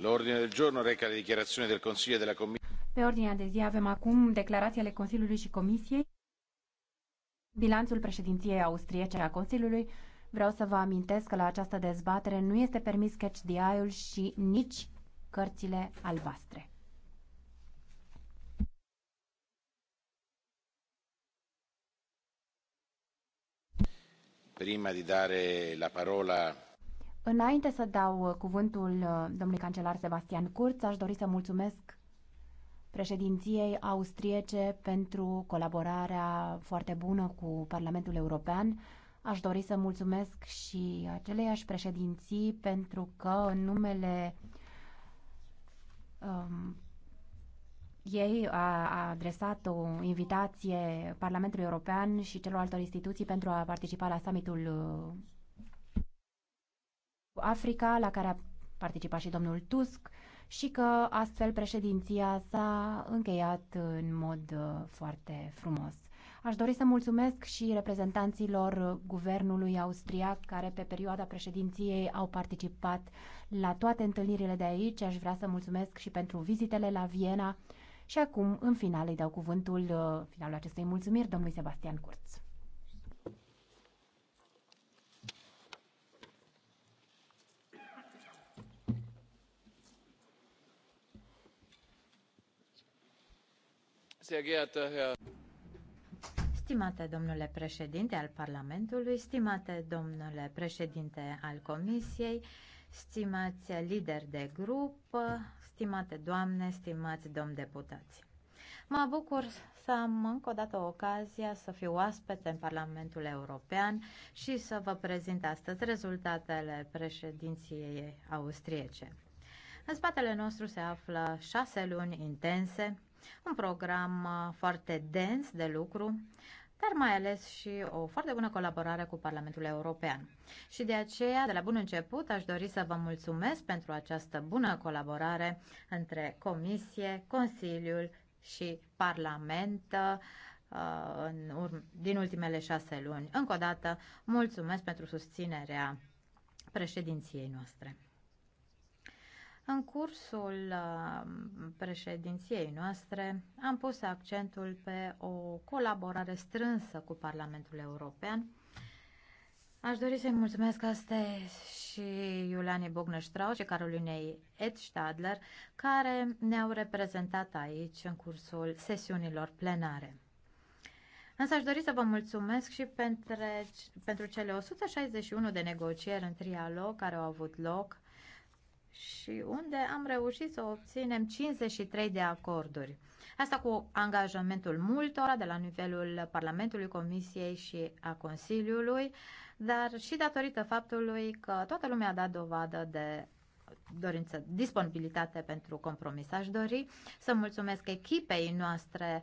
pe ordinea de zi avem acum declarații ale consiliului și comisiei bilanțul președinției austriece a consiliului vreau să vă amintesc că la această dezbatere nu este permis catch the eye-ul și nici cărțile albastre. Prima a da la parola Înainte să dau uh, cuvântul uh, domnului cancelar Sebastian Kurz, aș dori să mulțumesc președinției austriece pentru colaborarea foarte bună cu Parlamentul European. Aș dori să mulțumesc și aceleiași președinții pentru că în numele um, ei a, adresat o invitație Parlamentului European și celorlalte instituții pentru a participa la summitul uh, Africa, la care a participat și domnul Tusk, și că astfel președinția s-a încheiat în mod uh, foarte frumos. Aș dori să mulțumesc și reprezentanților guvernului austriac care pe perioada președinției au participat la toate întâlnirile de aici. Aș vrea să mulțumesc și pentru vizitele la Viena. Și acum, în final, îi dau cuvântul uh, finalul acestei mulțumiri domnului Sebastian Curț. Stimate domnule președinte al Parlamentului, stimate domnule președinte al Comisiei, stimați lideri de grup, stimate doamne, stimați domn deputați. Mă bucur să am încă o dată ocazia să fiu oaspete în Parlamentul European și să vă prezint astăzi rezultatele președinției austriece. În spatele nostru se află șase luni intense un program uh, foarte dens de lucru, dar mai ales și o foarte bună colaborare cu Parlamentul European. Și de aceea, de la bun început, aș dori să vă mulțumesc pentru această bună colaborare între Comisie, Consiliul și Parlament uh, în din ultimele șase luni. Încă o dată, mulțumesc pentru susținerea președinției noastre. În cursul uh, președinției noastre am pus accentul pe o colaborare strânsă cu Parlamentul European. Aș dori să-i mulțumesc astăzi și Iuliane Bogneștrau și Carolinei Stadler, care ne-au reprezentat aici în cursul sesiunilor plenare. Însă aș dori să vă mulțumesc și pentru, pentru cele 161 de negocieri în trialog care au avut loc și unde am reușit să obținem 53 de acorduri. Asta cu angajamentul multora de la nivelul Parlamentului, Comisiei și a Consiliului, dar și datorită faptului că toată lumea a dat dovadă de dorință, disponibilitate pentru compromis. Aș dori să mulțumesc echipei noastre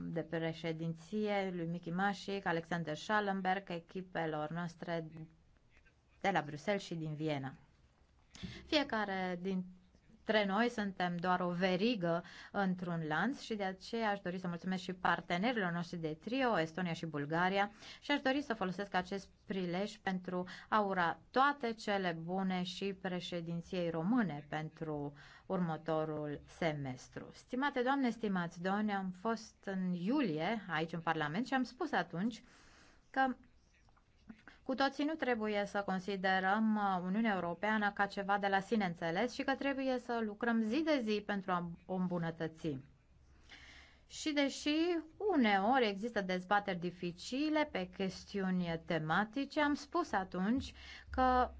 de președinție, lui Michi Mașic, Alexander Schallenberg, echipelor noastre de la Bruxelles și din Viena. Fiecare din Între noi suntem doar o verigă într-un lanț și de aceea aș dori să mulțumesc și partenerilor noștri de trio, Estonia și Bulgaria, și aș dori să folosesc acest prilej pentru a ura toate cele bune și președinției române pentru următorul semestru. Stimate doamne, stimați doamne, am fost în iulie aici în Parlament și am spus atunci că cu toții nu trebuie să considerăm uh, Uniunea Europeană ca ceva de la sine înțeles și că trebuie să lucrăm zi de zi pentru a o îmbunătăți. Și deși uneori există dezbateri dificile pe chestiuni tematice, am spus atunci că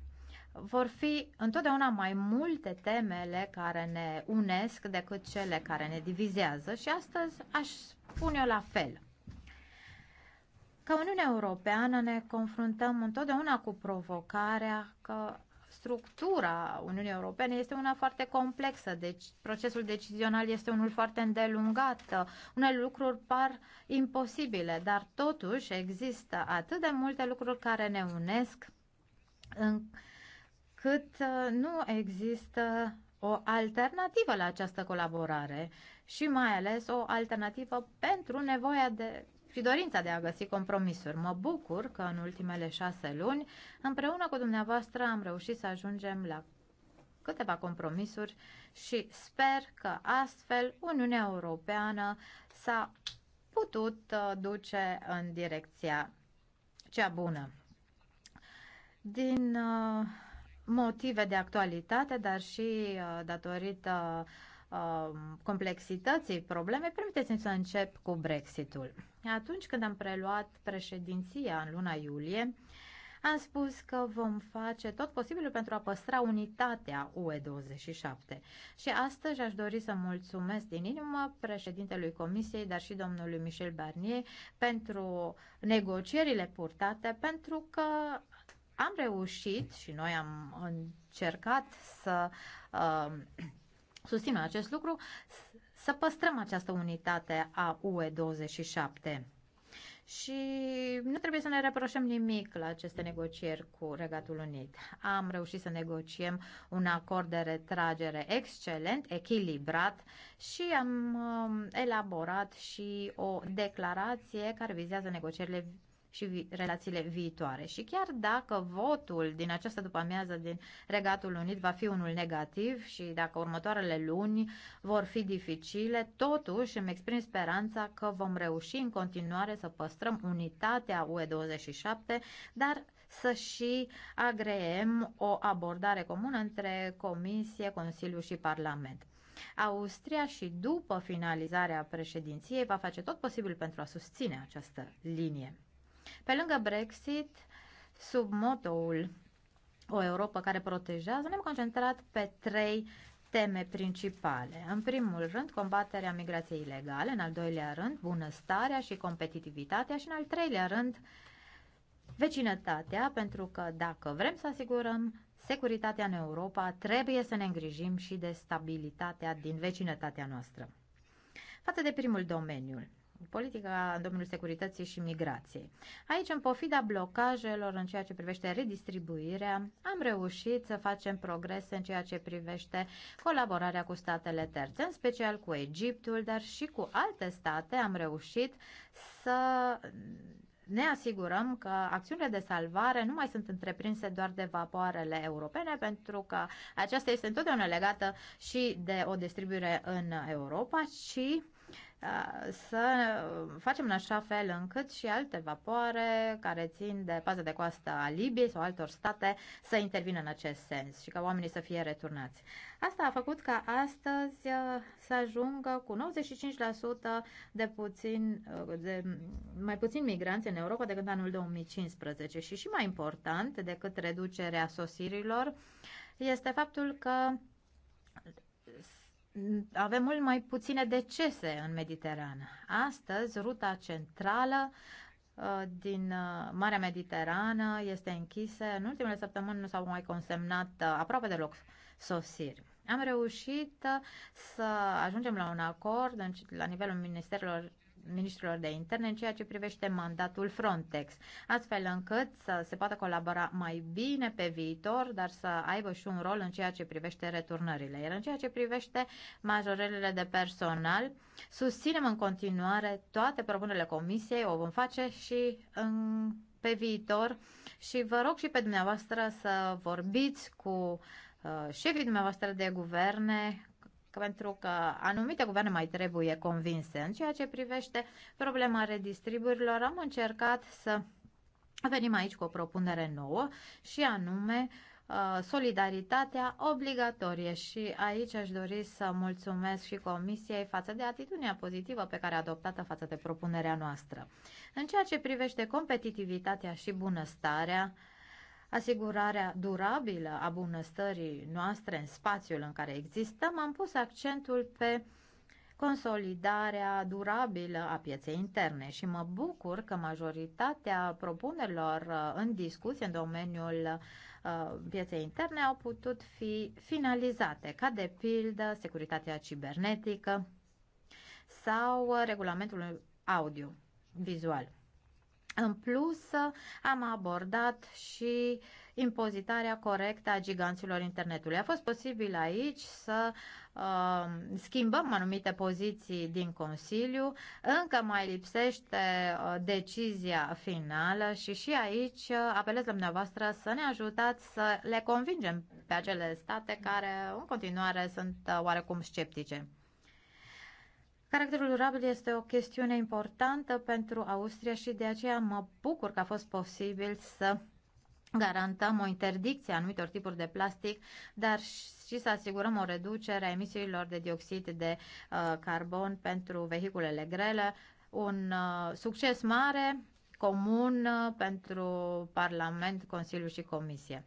vor fi întotdeauna mai multe temele care ne unesc decât cele care ne divizează și astăzi aș spune o la fel. Ca Uniunea Europeană ne confruntăm întotdeauna cu provocarea că structura Uniunii Europene este una foarte complexă, deci procesul decizional este unul foarte îndelungat. Unele lucruri par imposibile, dar totuși există atât de multe lucruri care ne unesc încât uh, nu există o alternativă la această colaborare și mai ales o alternativă pentru nevoia de și dorința de a găsi compromisuri. Mă bucur că în ultimele șase luni, împreună cu dumneavoastră, am reușit să ajungem la câteva compromisuri și sper că astfel Uniunea Europeană s-a putut uh, duce în direcția cea bună. Din uh, motive de actualitate, dar și uh, datorită Um, complexității problemei, permiteți-mi să încep cu Brexitul. Atunci când am preluat președinția în luna iulie, am spus că vom face tot posibilul pentru a păstra unitatea UE27. Și astăzi aș dori să mulțumesc din inimă președintelui Comisiei, dar și domnului Michel Barnier pentru negocierile purtate, pentru că am reușit și noi am încercat să uh, susținem acest lucru, să păstrăm această unitate a UE27. Și nu trebuie să ne reproșăm nimic la aceste negocieri cu Regatul Unit. Am reușit să negociem un acord de retragere excelent, echilibrat și am um, elaborat și o declarație care vizează negocierile și vi relațiile viitoare. Și chiar dacă votul din această după-amiază din Regatul Unit va fi unul negativ și dacă următoarele luni vor fi dificile, totuși îmi exprim speranța că vom reuși în continuare să păstrăm unitatea UE27, dar să și agreem o abordare comună între Comisie, Consiliu și Parlament. Austria și după finalizarea președinției va face tot posibil pentru a susține această linie. Pe lângă Brexit, sub motoul o Europa care protejează, ne-am concentrat pe trei teme principale. În primul rând, combaterea migrației ilegale, în al doilea rând, bunăstarea și competitivitatea și în al treilea rând, vecinătatea, pentru că dacă vrem să asigurăm securitatea în Europa, trebuie să ne îngrijim și de stabilitatea din vecinătatea noastră. Față de primul domeniu, politica în securității și migrației. Aici, în pofida blocajelor în ceea ce privește redistribuirea, am reușit să facem progrese în ceea ce privește colaborarea cu statele terțe, în special cu Egiptul, dar și cu alte state am reușit să ne asigurăm că acțiunile de salvare nu mai sunt întreprinse doar de vapoarele europene, pentru că aceasta este întotdeauna legată și de o distribuire în Europa, ci Uh, să uh, facem în așa fel încât și alte vapoare care țin de paza de coastă a Libiei sau altor state să intervină în acest sens și ca oamenii să fie returnați. Asta a făcut ca astăzi uh, să ajungă cu 95% de, puțin, de mai puțin migranți în Europa decât anul 2015 și și mai important decât reducerea sosirilor este faptul că avem mult mai puține decese în Mediterană. Astăzi, ruta centrală uh, din uh, Marea Mediterană este închisă. În ultimele săptămâni nu s-au mai consemnat uh, aproape deloc sosiri. Am reușit să ajungem la un acord la nivelul ministerilor ministrilor de interne în ceea ce privește mandatul Frontex, astfel încât să se poată colabora mai bine pe viitor, dar să aibă și un rol în ceea ce privește returnările. Iar în ceea ce privește majorările de personal, susținem în continuare toate propunerile Comisiei, o vom face și în pe viitor și vă rog și pe dumneavoastră să vorbiți cu uh, șefii dumneavoastră de guverne pentru că anumite guverne mai trebuie convinse. În ceea ce privește problema redistribuirilor, am încercat să venim aici cu o propunere nouă și anume uh, solidaritatea obligatorie și aici aș dori să mulțumesc și Comisiei față de atitudinea pozitivă pe care a adoptat-o față de propunerea noastră. În ceea ce privește competitivitatea și bunăstarea, asigurarea durabilă a bunăstării noastre în spațiul în care existăm, am pus accentul pe consolidarea durabilă a pieței interne și mă bucur că majoritatea propunerilor uh, în discuție în domeniul uh, pieței interne au putut fi finalizate, ca de pildă securitatea cibernetică sau uh, regulamentul audio-vizual. În plus, am abordat și impozitarea corectă a giganților internetului. A fost posibil aici să uh, schimbăm anumite poziții din Consiliu. Încă mai lipsește uh, decizia finală și și aici uh, apelez la dumneavoastră să ne ajutați să le convingem pe acele state care în continuare sunt uh, oarecum sceptice. Caracterul durabil este o chestiune importantă pentru Austria și de aceea mă bucur că a fost posibil să garantăm o interdicție a anumitor tipuri de plastic, dar și să asigurăm o reducere a emisiilor de dioxid de uh, carbon pentru vehiculele grele. Un uh, succes mare, comun, uh, pentru Parlament, Consiliu și Comisie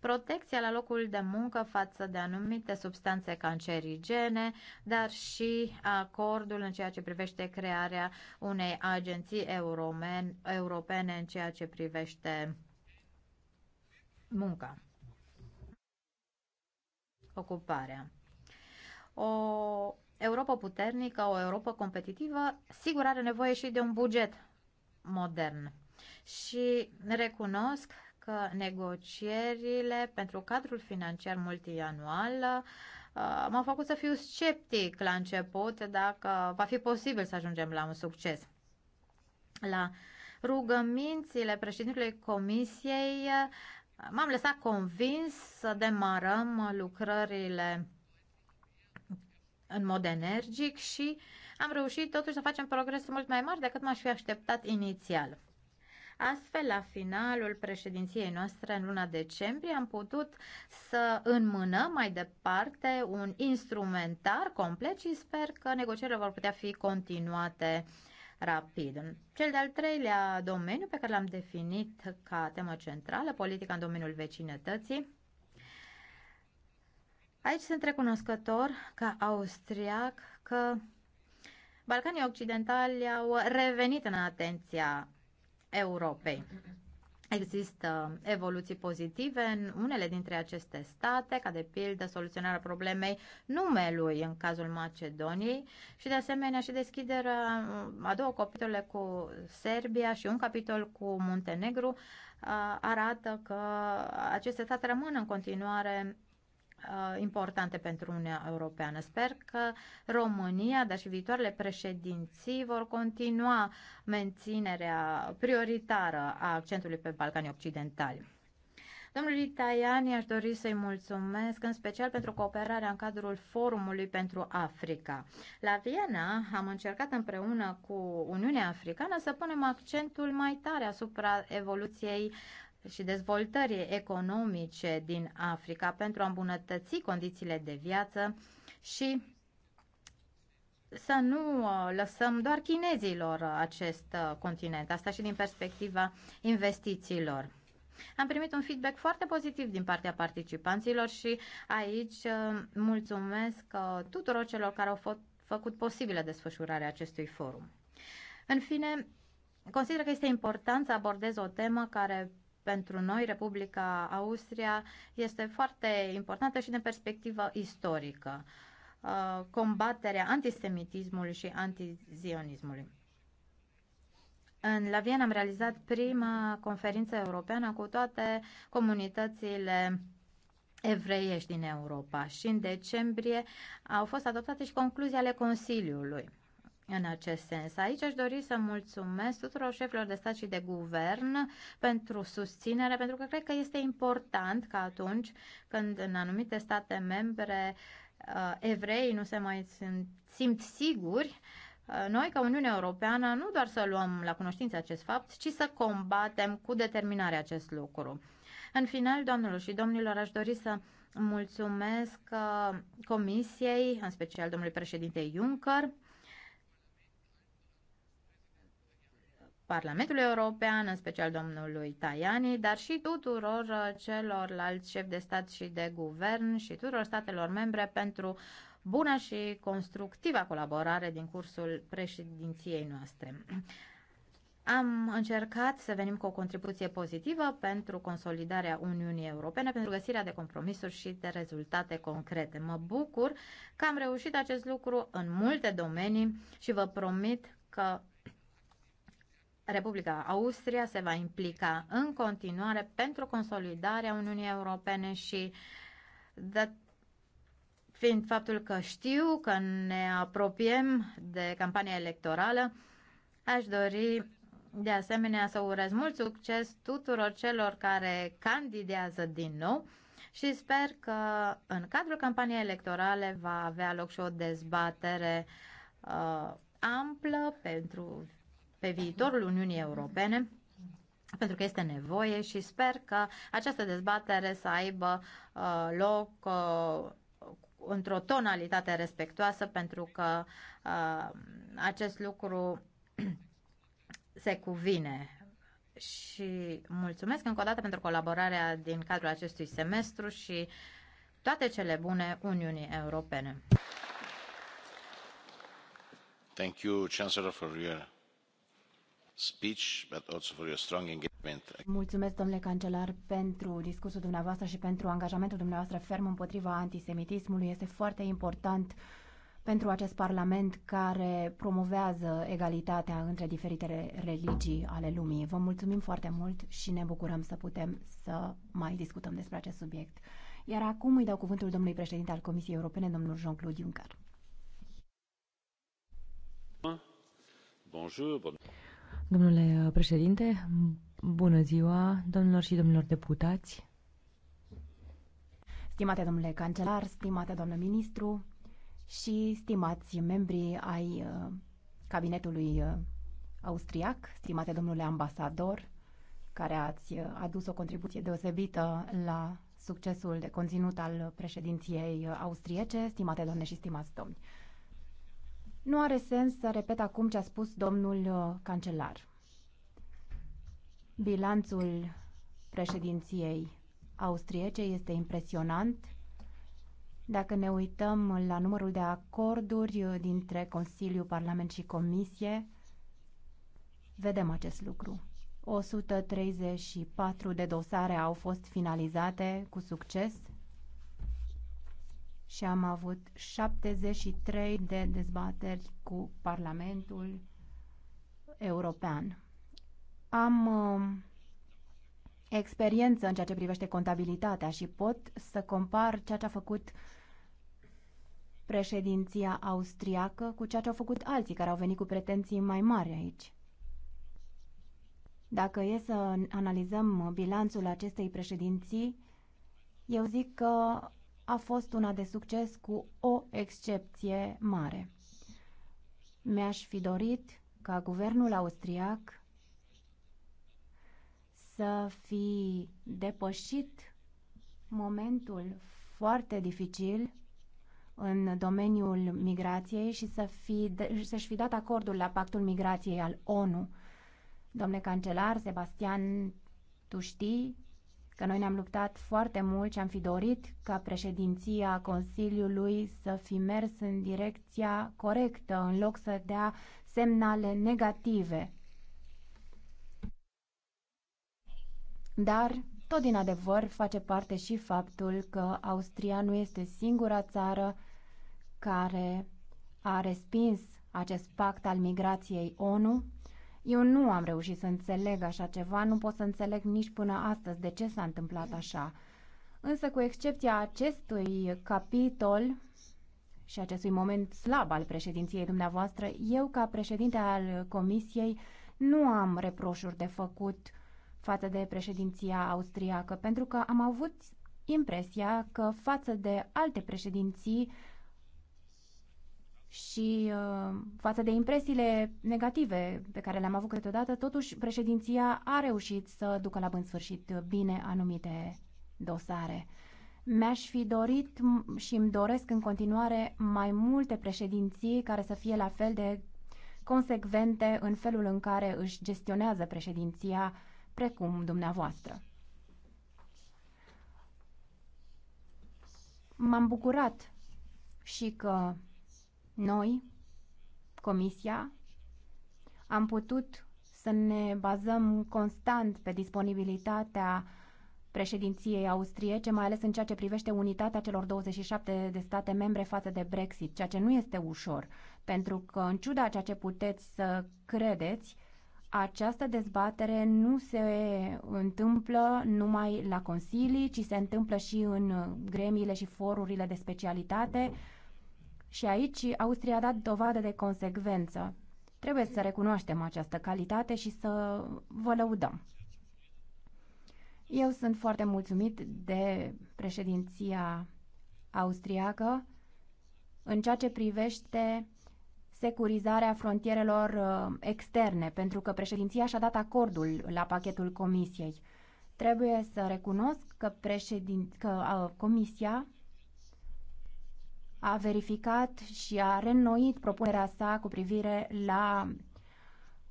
protecția la locul de muncă față de anumite substanțe cancerigene, dar și acordul în ceea ce privește crearea unei agenții europene în ceea ce privește munca, ocuparea. O Europa puternică, o Europa competitivă, sigur are nevoie și de un buget modern. Și recunosc negocierile pentru cadrul financiar multianual uh, m-au făcut să fiu sceptic la început dacă va fi posibil să ajungem la un succes. La rugămințile președintelui Comisiei uh, m-am lăsat convins să demarăm lucrările în mod energic și am reușit totuși să facem progrese mult mai mari decât m-aș fi așteptat inițial. Astfel, la finalul președinției noastre în luna decembrie am putut să înmânăm mai departe un instrumentar complet și sper că negocierile vor putea fi continuate rapid. Cel de-al treilea domeniu pe care l-am definit ca temă centrală, politica în domeniul vecinătății, Aici sunt recunoscător ca austriac că Balcanii Occidentali au revenit în atenția Europei. Există evoluții pozitive în unele dintre aceste state, ca de pildă soluționarea problemei numelui în cazul Macedoniei și de asemenea și deschiderea a două capitole cu Serbia și un capitol cu Muntenegru arată că aceste state rămân în continuare Uh, importante pentru Uniunea Europeană. Sper că România, dar și viitoarele președinții vor continua menținerea prioritară a accentului pe Balcanii Occidentali. Domnului Tajani, aș dori să-i mulțumesc în special pentru cooperarea în cadrul Forumului pentru Africa. La Viena am încercat împreună cu Uniunea Africană să punem accentul mai tare asupra evoluției și dezvoltării economice din Africa pentru a îmbunătăți condițiile de viață și să nu uh, lăsăm doar chinezilor uh, acest uh, continent, asta și din perspectiva investițiilor. Am primit un feedback foarte pozitiv din partea participanților și aici mulțumesc tuturor celor care au fost făcut posibilă desfășurarea acestui forum. În fine, consider că este important să abordez o temă care pentru noi, Republica Austria este foarte importantă și din perspectivă istorică. Uh, combaterea antisemitismului și antizionismului. În la Viena am realizat prima conferință europeană cu toate comunitățile evreiești din Europa și în decembrie au fost adoptate și concluzii ale Consiliului în acest sens. Aici aș dori să mulțumesc tuturor șefilor de stat și de guvern pentru susținere, pentru că cred că este important că atunci când în anumite state membre uh, evrei nu se mai simt siguri, uh, noi, ca Uniunea Europeană, nu doar să luăm la cunoștință acest fapt, ci să combatem cu determinare acest lucru. În final, doamnelor și domnilor, aș dori să mulțumesc uh, Comisiei, în special domnului președinte Juncker, Parlamentului European, în special domnului Tajani, dar și tuturor uh, celorlalți șefi de stat și de guvern și tuturor statelor membre pentru bună și constructiva colaborare din cursul președinției noastre. Am încercat să venim cu o contribuție pozitivă pentru consolidarea Uniunii Europene, pentru găsirea de compromisuri și de rezultate concrete. Mă bucur că am reușit acest lucru în multe domenii și vă promit că Republica Austria se va implica în continuare pentru consolidarea Uniunii Europene și de, fiind faptul că știu că ne apropiem de campania electorală, aș dori de asemenea să urez mult succes tuturor celor care candidează din nou și sper că în cadrul campaniei electorale va avea loc și o dezbatere uh, amplă pentru pe viitorul Uniunii Europene, pentru că este nevoie și sper că această dezbatere să aibă uh, loc uh, într-o tonalitate respectoasă, pentru că uh, acest lucru se cuvine. Și mulțumesc încă o dată pentru colaborarea din cadrul acestui semestru și toate cele bune Uniunii Europene. Thank you, Chancellor, for your Mulțumesc, domnule cancelar, pentru discursul dumneavoastră și pentru angajamentul dumneavoastră ferm împotriva antisemitismului. Este foarte important pentru acest Parlament care promovează egalitatea între diferitele religii ale lumii. Vă mulțumim foarte mult și ne bucurăm să putem să mai discutăm despre acest subiect. Iar acum îi dau cuvântul domnului președinte al Comisiei Europene, domnul Jean-Claude Juncker. Bonjour, bon... Domnule uh, președinte, bună ziua, domnilor și domnilor deputați. Stimate domnule cancelar, stimate domnule ministru și stimați membrii ai uh, cabinetului uh, austriac, stimate domnule ambasador, care ați adus o contribuție deosebită la succesul de conținut al președinției austriece, stimate doamne și stimați domni. Nu are sens să repet acum ce a spus domnul uh, cancelar. Bilanțul președinției austriece este impresionant. Dacă ne uităm la numărul de acorduri uh, dintre Consiliu, Parlament și Comisie, vedem acest lucru. 134 de dosare au fost finalizate cu succes, și am avut 73 de dezbateri cu Parlamentul European. Am uh, experiență în ceea ce privește contabilitatea și pot să compar ceea ce a făcut președinția austriacă cu ceea ce au făcut alții care au venit cu pretenții mai mari aici. Dacă e să analizăm bilanțul acestei președinții, eu zic că a fost una de succes cu o excepție mare. Mi-aș fi dorit ca guvernul austriac să fi depășit momentul foarte dificil în domeniul migrației și să fi, să fi dat acordul la pactul migrației al ONU. Domnule cancelar, Sebastian, tu știi că noi ne-am luptat foarte mult și am fi dorit ca președinția Consiliului să fi mers în direcția corectă, în loc să dea semnale negative. Dar, tot din adevăr, face parte și faptul că Austria nu este singura țară care a respins acest pact al migrației ONU eu nu am reușit să înțeleg așa ceva, nu pot să înțeleg nici până astăzi de ce s-a întâmplat așa. Însă, cu excepția acestui capitol și acestui moment slab al președinției dumneavoastră, eu, ca președinte al Comisiei, nu am reproșuri de făcut față de președinția austriacă, pentru că am avut impresia că față de alte președinții și uh, față de impresiile negative pe care le-am avut câteodată, totuși președinția a reușit să ducă la bun sfârșit bine anumite dosare. Mi-aș fi dorit și îmi doresc în continuare mai multe președinții care să fie la fel de consecvente în felul în care își gestionează președinția precum dumneavoastră. M-am bucurat și că noi, Comisia, am putut să ne bazăm constant pe disponibilitatea președinției austriece, mai ales în ceea ce privește unitatea celor 27 de state membre față de Brexit, ceea ce nu este ușor, pentru că, în ciuda ceea ce puteți să credeți, această dezbatere nu se întâmplă numai la consilii, ci se întâmplă și în gremiile și forurile de specialitate. Și aici Austria a dat dovadă de consecvență. Trebuie să recunoaștem această calitate și să vă lăudăm. Eu sunt foarte mulțumit de președinția austriacă în ceea ce privește securizarea frontierelor uh, externe, pentru că președinția și-a dat acordul la pachetul comisiei. Trebuie să recunosc că, președin... că a, uh, comisia a verificat și a reînnoit propunerea sa cu privire la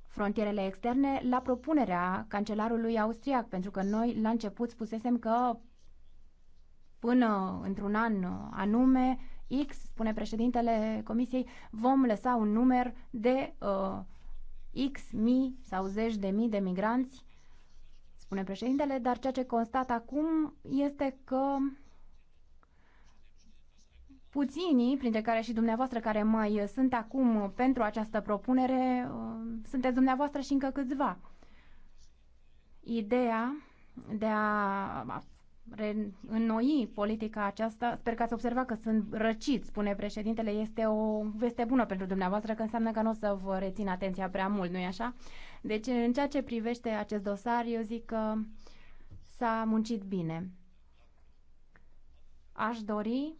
frontierele externe la propunerea cancelarului austriac, pentru că noi la început spusesem că până într-un an anume, X, spune președintele Comisiei, vom lăsa un număr de uh, X mii sau zeci de mii de migranți, spune președintele, dar ceea ce constat acum este că Puținii, printre care și dumneavoastră care mai uh, sunt acum uh, pentru această propunere, uh, sunteți dumneavoastră și încă câțiva. Ideea de a reînnoi politica aceasta, sper că ați observat că sunt răciți, spune președintele, este o veste bună pentru dumneavoastră, că înseamnă că nu o să vă rețin atenția prea mult, nu-i așa? Deci, în ceea ce privește acest dosar, eu zic că s-a muncit bine. Aș dori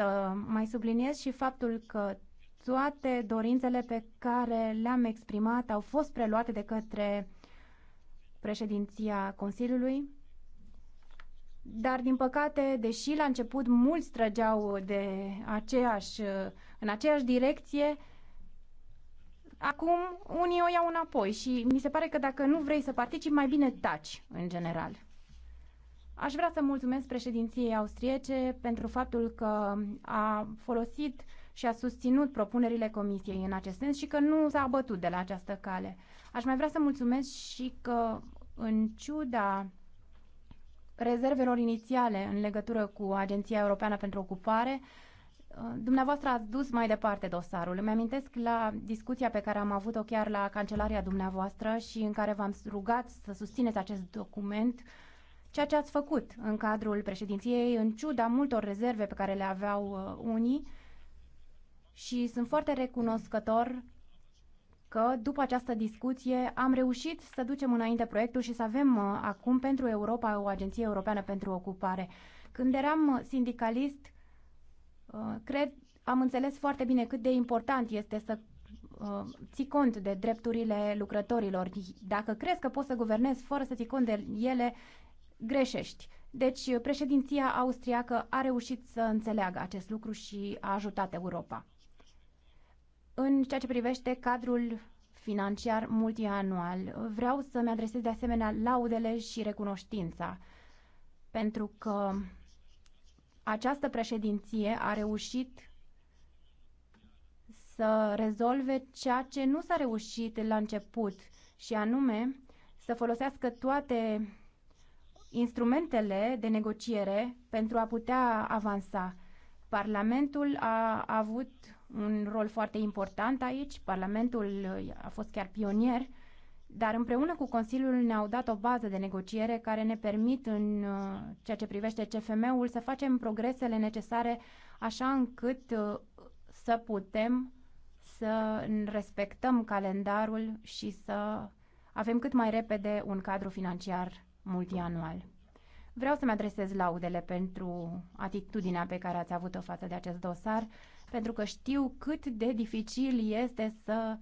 să mai subliniez și faptul că toate dorințele pe care le-am exprimat au fost preluate de către președinția Consiliului, dar din păcate, deși la început mulți trăgeau de aceeași, în aceeași direcție, acum unii o iau înapoi și mi se pare că dacă nu vrei să participi, mai bine taci în general. Aș vrea să mulțumesc președinției austriece pentru faptul că a folosit și a susținut propunerile comisiei în acest sens și că nu s-a abătut de la această cale. Aș mai vrea să mulțumesc și că, în ciuda rezervelor inițiale în legătură cu Agenția Europeană pentru Ocupare, Dumneavoastră ați dus mai departe dosarul. Îmi amintesc la discuția pe care am avut-o chiar la cancelaria dumneavoastră și în care v-am rugat să susțineți acest document uh, ceea ce ați făcut în cadrul președinției, în ciuda multor rezerve pe care le aveau uh, unii și sunt foarte recunoscător că după această discuție am reușit să ducem înainte proiectul și să avem uh, acum pentru Europa o agenție europeană pentru ocupare. Când eram uh, sindicalist, cred, am înțeles foarte bine cât de important este să ții cont de drepturile lucrătorilor. Dacă crezi că poți să guvernezi fără să ții cont de ele, greșești. Deci președinția austriacă a reușit să înțeleagă acest lucru și a ajutat Europa. În ceea ce privește cadrul financiar multianual, vreau să-mi adresez de asemenea laudele și recunoștința, pentru că această președinție a reușit să rezolve ceea ce nu s-a reușit la început, și anume să folosească toate instrumentele de negociere pentru a putea avansa. Parlamentul a avut un rol foarte important aici, Parlamentul a fost chiar pionier, dar împreună cu Consiliul ne-au dat o bază de negociere care ne permit în uh, ceea ce privește CFM-ul să facem progresele necesare așa încât uh, să putem să respectăm calendarul și să avem cât mai repede un cadru financiar multianual. Vreau să-mi adresez laudele pentru atitudinea pe care ați avut-o față de acest dosar, pentru că știu cât de dificil este să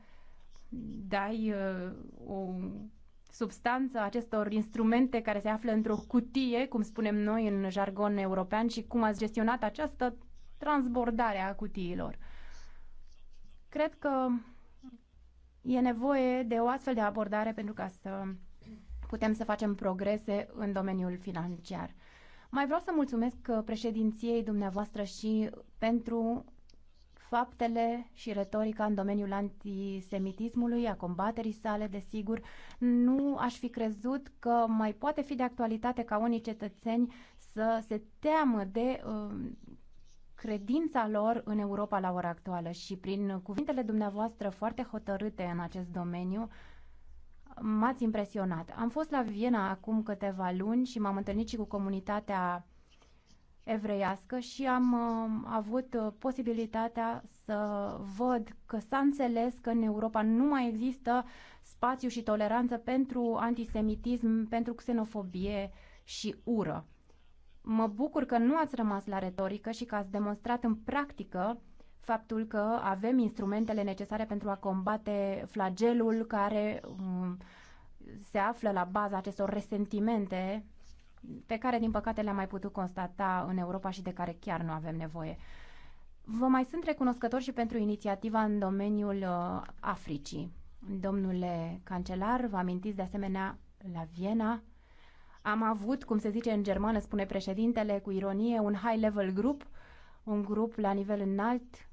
dai uh, o substanță acestor instrumente care se află într-o cutie, cum spunem noi în jargon european, și cum ați gestionat această transbordare a cutiilor. Cred că e nevoie de o astfel de abordare pentru ca să putem să facem progrese în domeniul financiar. Mai vreau să mulțumesc uh, președinției dumneavoastră și pentru faptele și retorica în domeniul antisemitismului, a combaterii sale, desigur, nu aș fi crezut că mai poate fi de actualitate ca unii cetățeni să se teamă de uh, credința lor în Europa la ora actuală și prin cuvintele dumneavoastră foarte hotărâte în acest domeniu, m-ați impresionat. Am fost la Viena acum câteva luni și m-am întâlnit și cu comunitatea evreiască și am uh, avut uh, posibilitatea să văd că s-a înțeles că în Europa nu mai există spațiu și toleranță pentru antisemitism, pentru xenofobie și ură. Mă bucur că nu ați rămas la retorică și că ați demonstrat în practică faptul că avem instrumentele necesare pentru a combate flagelul care um, se află la baza acestor resentimente pe care, din păcate, le-am mai putut constata în Europa și de care chiar nu avem nevoie. Vă mai sunt recunoscători și pentru inițiativa în domeniul uh, Africii. Domnule cancelar, vă amintiți de asemenea la Viena? Am avut, cum se zice în germană, spune președintele cu ironie, un high-level group, un grup la nivel înalt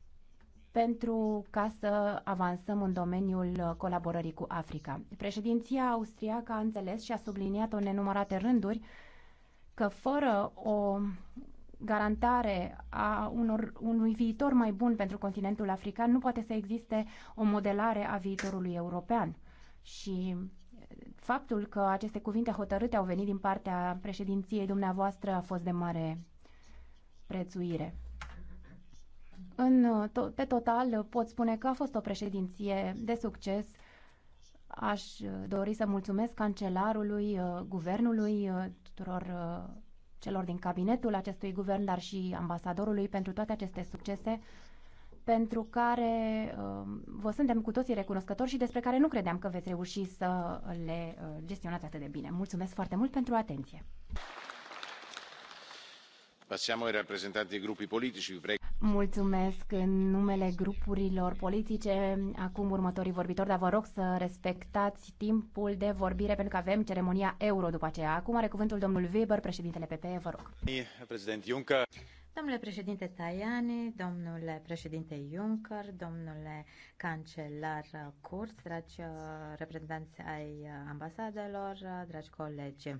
pentru ca să avansăm în domeniul colaborării cu Africa. Președinția austriacă a înțeles și a subliniat în nenumărate rânduri că fără o garantare a unor, unui viitor mai bun pentru continentul african nu poate să existe o modelare a viitorului european. Și faptul că aceste cuvinte hotărâte au venit din partea președinției dumneavoastră a fost de mare prețuire. În, uh, to- pe total, uh, pot spune că a fost o președinție de succes. Aș uh, dori să mulțumesc cancelarului, guvernului, tuturor celor din cabinetul acestui guvern, dar și ambasadorului pentru toate aceste succese pentru care um, vă suntem cu toții recunoscători și despre care nu credeam că veți reuși să le gestionați atât de bine. Mulțumesc foarte mult pentru atenție! Passiamo ai rappresentanti dei gruppi politici. Mulțumesc în numele grupurilor politice. Acum următorii vorbitori, dar vă rog să respectați timpul de vorbire pentru că avem ceremonia euro după aceea. Acum are cuvântul domnul Weber, președintele PPE, vă rog. Președinte Juncker. Domnule președinte Tajani, domnule președinte Juncker, domnule cancelar Kurz, dragi reprezentanți ai ambasadelor, dragi colegi.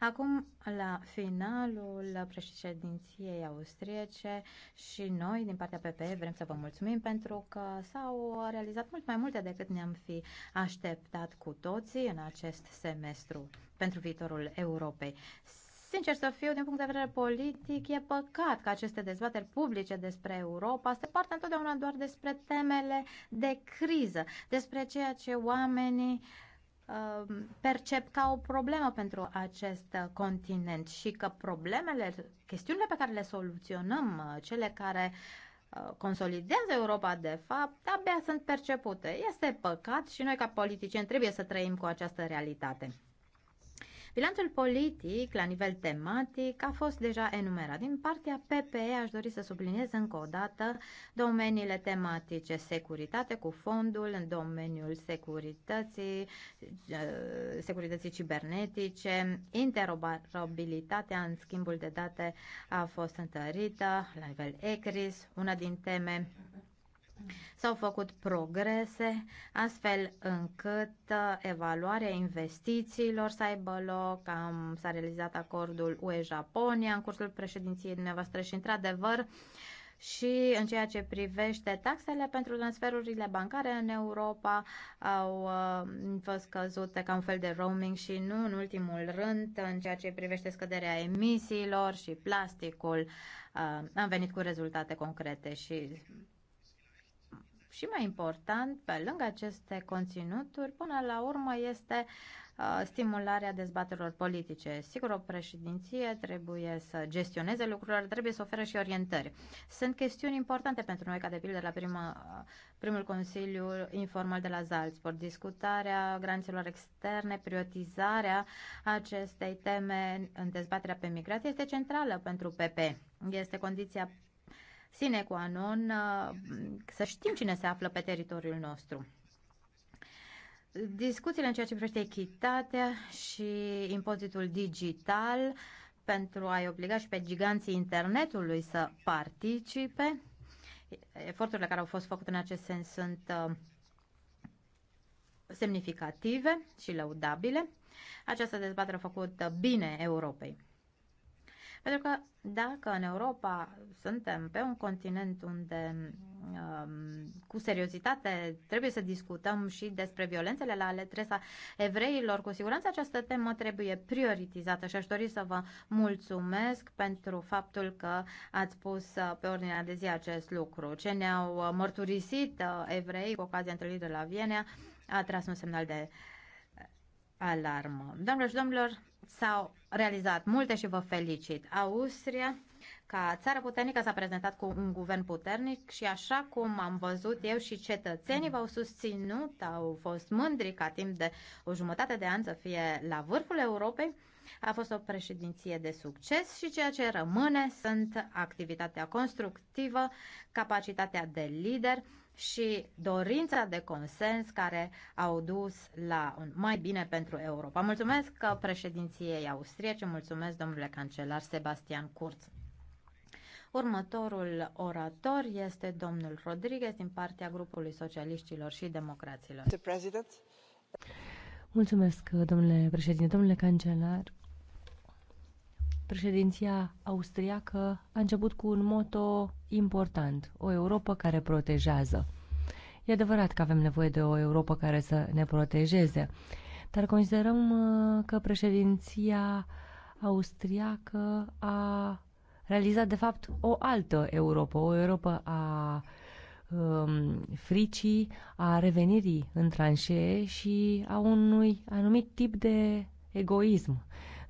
Acum, la finalul președinției austriece și noi, din partea PPE, vrem să vă mulțumim pentru că s-au realizat mult mai multe decât ne-am fi așteptat cu toții în acest semestru pentru viitorul Europei. Sincer să fiu, din punct de vedere politic, e păcat că aceste dezbateri publice despre Europa se poartă întotdeauna doar despre temele de criză, despre ceea ce oamenii uh, Uh, percep ca o problemă pentru acest continent și că problemele, chestiunile pe care le soluționăm, uh, cele care uh, consolidează Europa de fapt, abia sunt percepute. Este păcat și noi ca politicieni trebuie să trăim cu această realitate. Bilanțul politic, la nivel tematic, a fost deja enumerat. Din partea PPE aș dori să subliniez încă o dată domeniile tematice securitate cu fondul în domeniul securității, eh, securității cibernetice, interoperabilitatea în schimbul de date a fost întărită la nivel ECRIS, una din teme S-au făcut progrese astfel încât uh, evaluarea investițiilor să aibă loc. Am, s-a realizat acordul UE-Japonia în cursul președinției dumneavoastră și, într-adevăr, și în ceea ce privește taxele pentru transferurile bancare în Europa au uh, fost scăzute ca un fel de roaming și nu în ultimul rând în ceea ce privește scăderea emisiilor și plasticul uh, am venit cu rezultate concrete și și mai important, pe lângă aceste conținuturi, până la urmă este uh, stimularea dezbaterilor politice. Sigur, o președinție trebuie să gestioneze lucrurile, trebuie să ofere și orientări. Sunt chestiuni importante pentru noi, ca de pildă la prima, uh, primul Consiliu Informal de la Salzburg, discutarea granițelor externe, prioritizarea acestei teme în dezbaterea pe migrație este centrală pentru PP. Este condiția sine qua non uh, să știm cine se află pe teritoriul nostru. Discuțiile în ceea ce privește echitatea și impozitul digital pentru a-i obliga și pe giganții internetului să participe. Eforturile care au fost făcute în acest sens sunt uh, semnificative și lăudabile. Această dezbatere a făcut bine Europei. Pentru că dacă în Europa suntem pe un continent unde um, cu seriozitate trebuie să discutăm și despre violențele la adresa evreilor, cu siguranță această temă trebuie prioritizată și aș dori să vă mulțumesc pentru faptul că ați pus uh, pe ordinea de zi acest lucru. Ce ne-au uh, mărturisit uh, evrei cu ocazia întâlnirii la Viena a tras un semnal de alarmă. Doamnelor și domnilor, sau realizat multe și vă felicit. Austria, ca țară puternică, s-a prezentat cu un guvern puternic și așa cum am văzut eu și cetățenii v-au susținut, au fost mândri ca timp de o jumătate de an să fie la vârful Europei. A fost o președinție de succes și ceea ce rămâne sunt activitatea constructivă, capacitatea de lider, și dorința de consens care au dus la un mai bine pentru Europa. Mulțumesc uh, președinției austriece, mulțumesc domnule cancelar Sebastian Kurz. Următorul orator este domnul Rodriguez din partea grupului socialiștilor și democraților. Mulțumesc, uh, domnule președinte, domnule cancelar. Președinția austriacă a început cu un moto important, o Europa care protejează. E adevărat că avem nevoie de o Europa care să ne protejeze, dar considerăm uh, că președinția austriacă a realizat, de fapt, o altă Europa, o Europa a um, fricii, a revenirii în tranșee și a unui anumit tip de egoism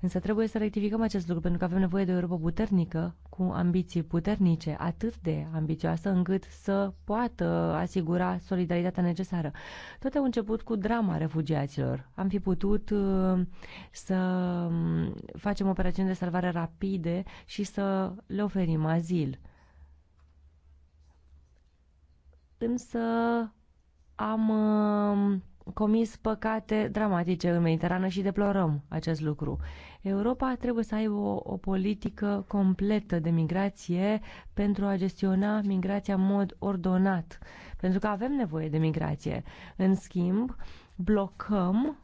Însă trebuie să rectificăm acest lucru, pentru că avem nevoie de o Europa puternică, cu ambiții puternice, atât de ambițioasă, încât să poată asigura solidaritatea necesară. Tot au început cu drama refugiaților. Am fi putut uh, să um, facem operațiuni de salvare rapide și să le oferim azil. Însă am um, comis păcate dramatice în Mediterană și deplorăm acest lucru. Europa trebuie să aibă o, o politică completă de migrație pentru a gestiona migrația în mod ordonat, pentru că avem nevoie de migrație. În schimb, blocăm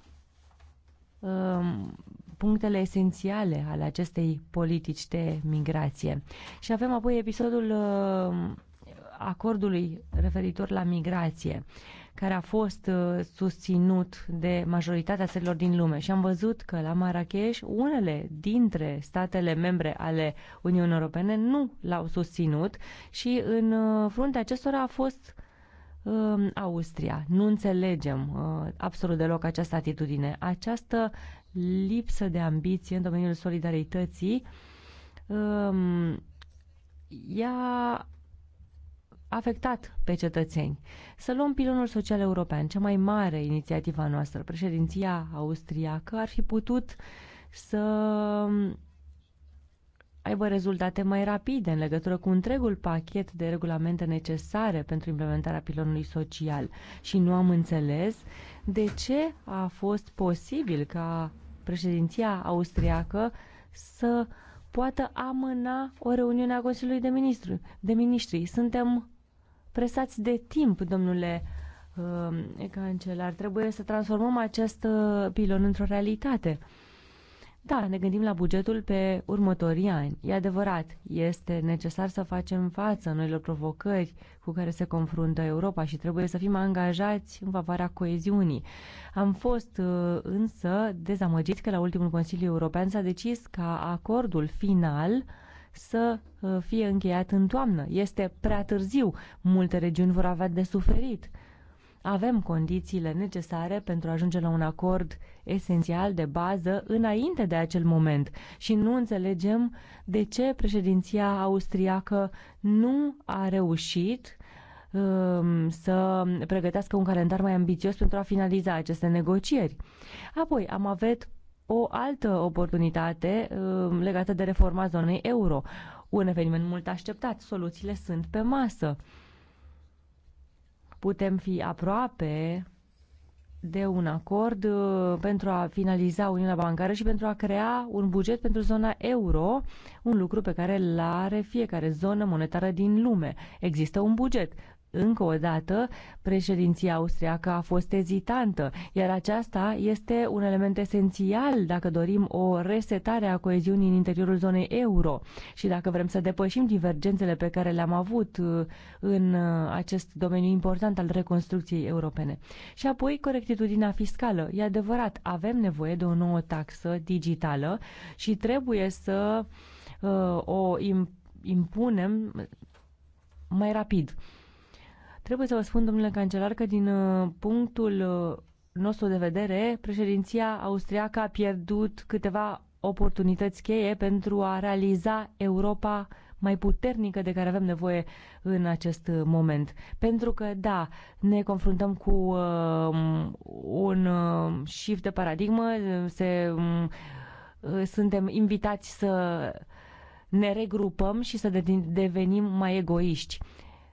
um, punctele esențiale ale acestei politici de migrație. Și avem apoi episodul uh, acordului referitor la migrație. Uh, care a fost uh, susținut de majoritatea țărilor din lume și am văzut că la Marrakeș unele dintre statele membre ale Uniunii Europene nu l-au susținut și în uh, fruntea acestora a fost um, Austria. Nu înțelegem uh, absolut deloc această atitudine, această lipsă de ambiție în domeniul solidarității um, ea afectat pe cetățeni. Să luăm pilonul social european, cea mai mare inițiativa noastră. Președinția austriacă ar fi putut să aibă rezultate mai rapide în legătură cu întregul pachet de regulamente necesare pentru implementarea pilonului social și nu am înțeles de ce a fost posibil ca președinția austriacă să poată amâna o reuniune a Consiliului de Ministri. De ministri. Suntem presați de timp, domnule um, cancelar. Trebuie să transformăm acest uh, pilon într-o realitate. Da, ne gândim la bugetul pe următorii ani. E adevărat, este necesar să facem față noilor provocări cu care se confruntă Europa și trebuie să fim angajați în favoarea coeziunii. Am fost uh, însă dezamăgiți că la ultimul Consiliu European s-a decis ca acordul final uh, să uh, fie încheiat în toamnă. Este prea târziu, multe regiuni vor avea de suferit. Avem condițiile necesare pentru a ajunge la un acord esențial de bază înainte de acel moment și nu înțelegem de ce președinția austriacă nu a reușit um, să pregătească un calendar mai ambițios pentru a finaliza aceste negocieri. Apoi am avut o altă oportunitate um, legată de reforma zonei euro. Un eveniment mult așteptat. Soluțiile sunt pe masă. Putem fi aproape de un acord uh, pentru a finaliza Uniunea Bancară și pentru a crea un buget pentru zona euro, un lucru pe care îl are fiecare zonă monetară din lume. Există un buget. Încă o dată, președinția austriacă a fost ezitantă, iar aceasta este un element esențial dacă dorim o resetare a coeziunii în interiorul zonei euro și dacă vrem să depășim divergențele pe care le-am avut uh, în uh, acest domeniu important al reconstrucției europene. Și apoi, corectitudinea fiscală. E adevărat, avem nevoie de o nouă taxă digitală și trebuie să uh, o impunem mai rapid. Trebuie să vă spun, domnule cancelar, că din uh, punctul uh, nostru de vedere, președinția austriacă a pierdut câteva oportunități cheie pentru a realiza Europa mai puternică de care avem nevoie în acest uh, moment. Pentru că, da, ne confruntăm cu uh, un uh, shift de paradigmă, se, um, uh, suntem invitați să ne regrupăm și să devenim mai egoiști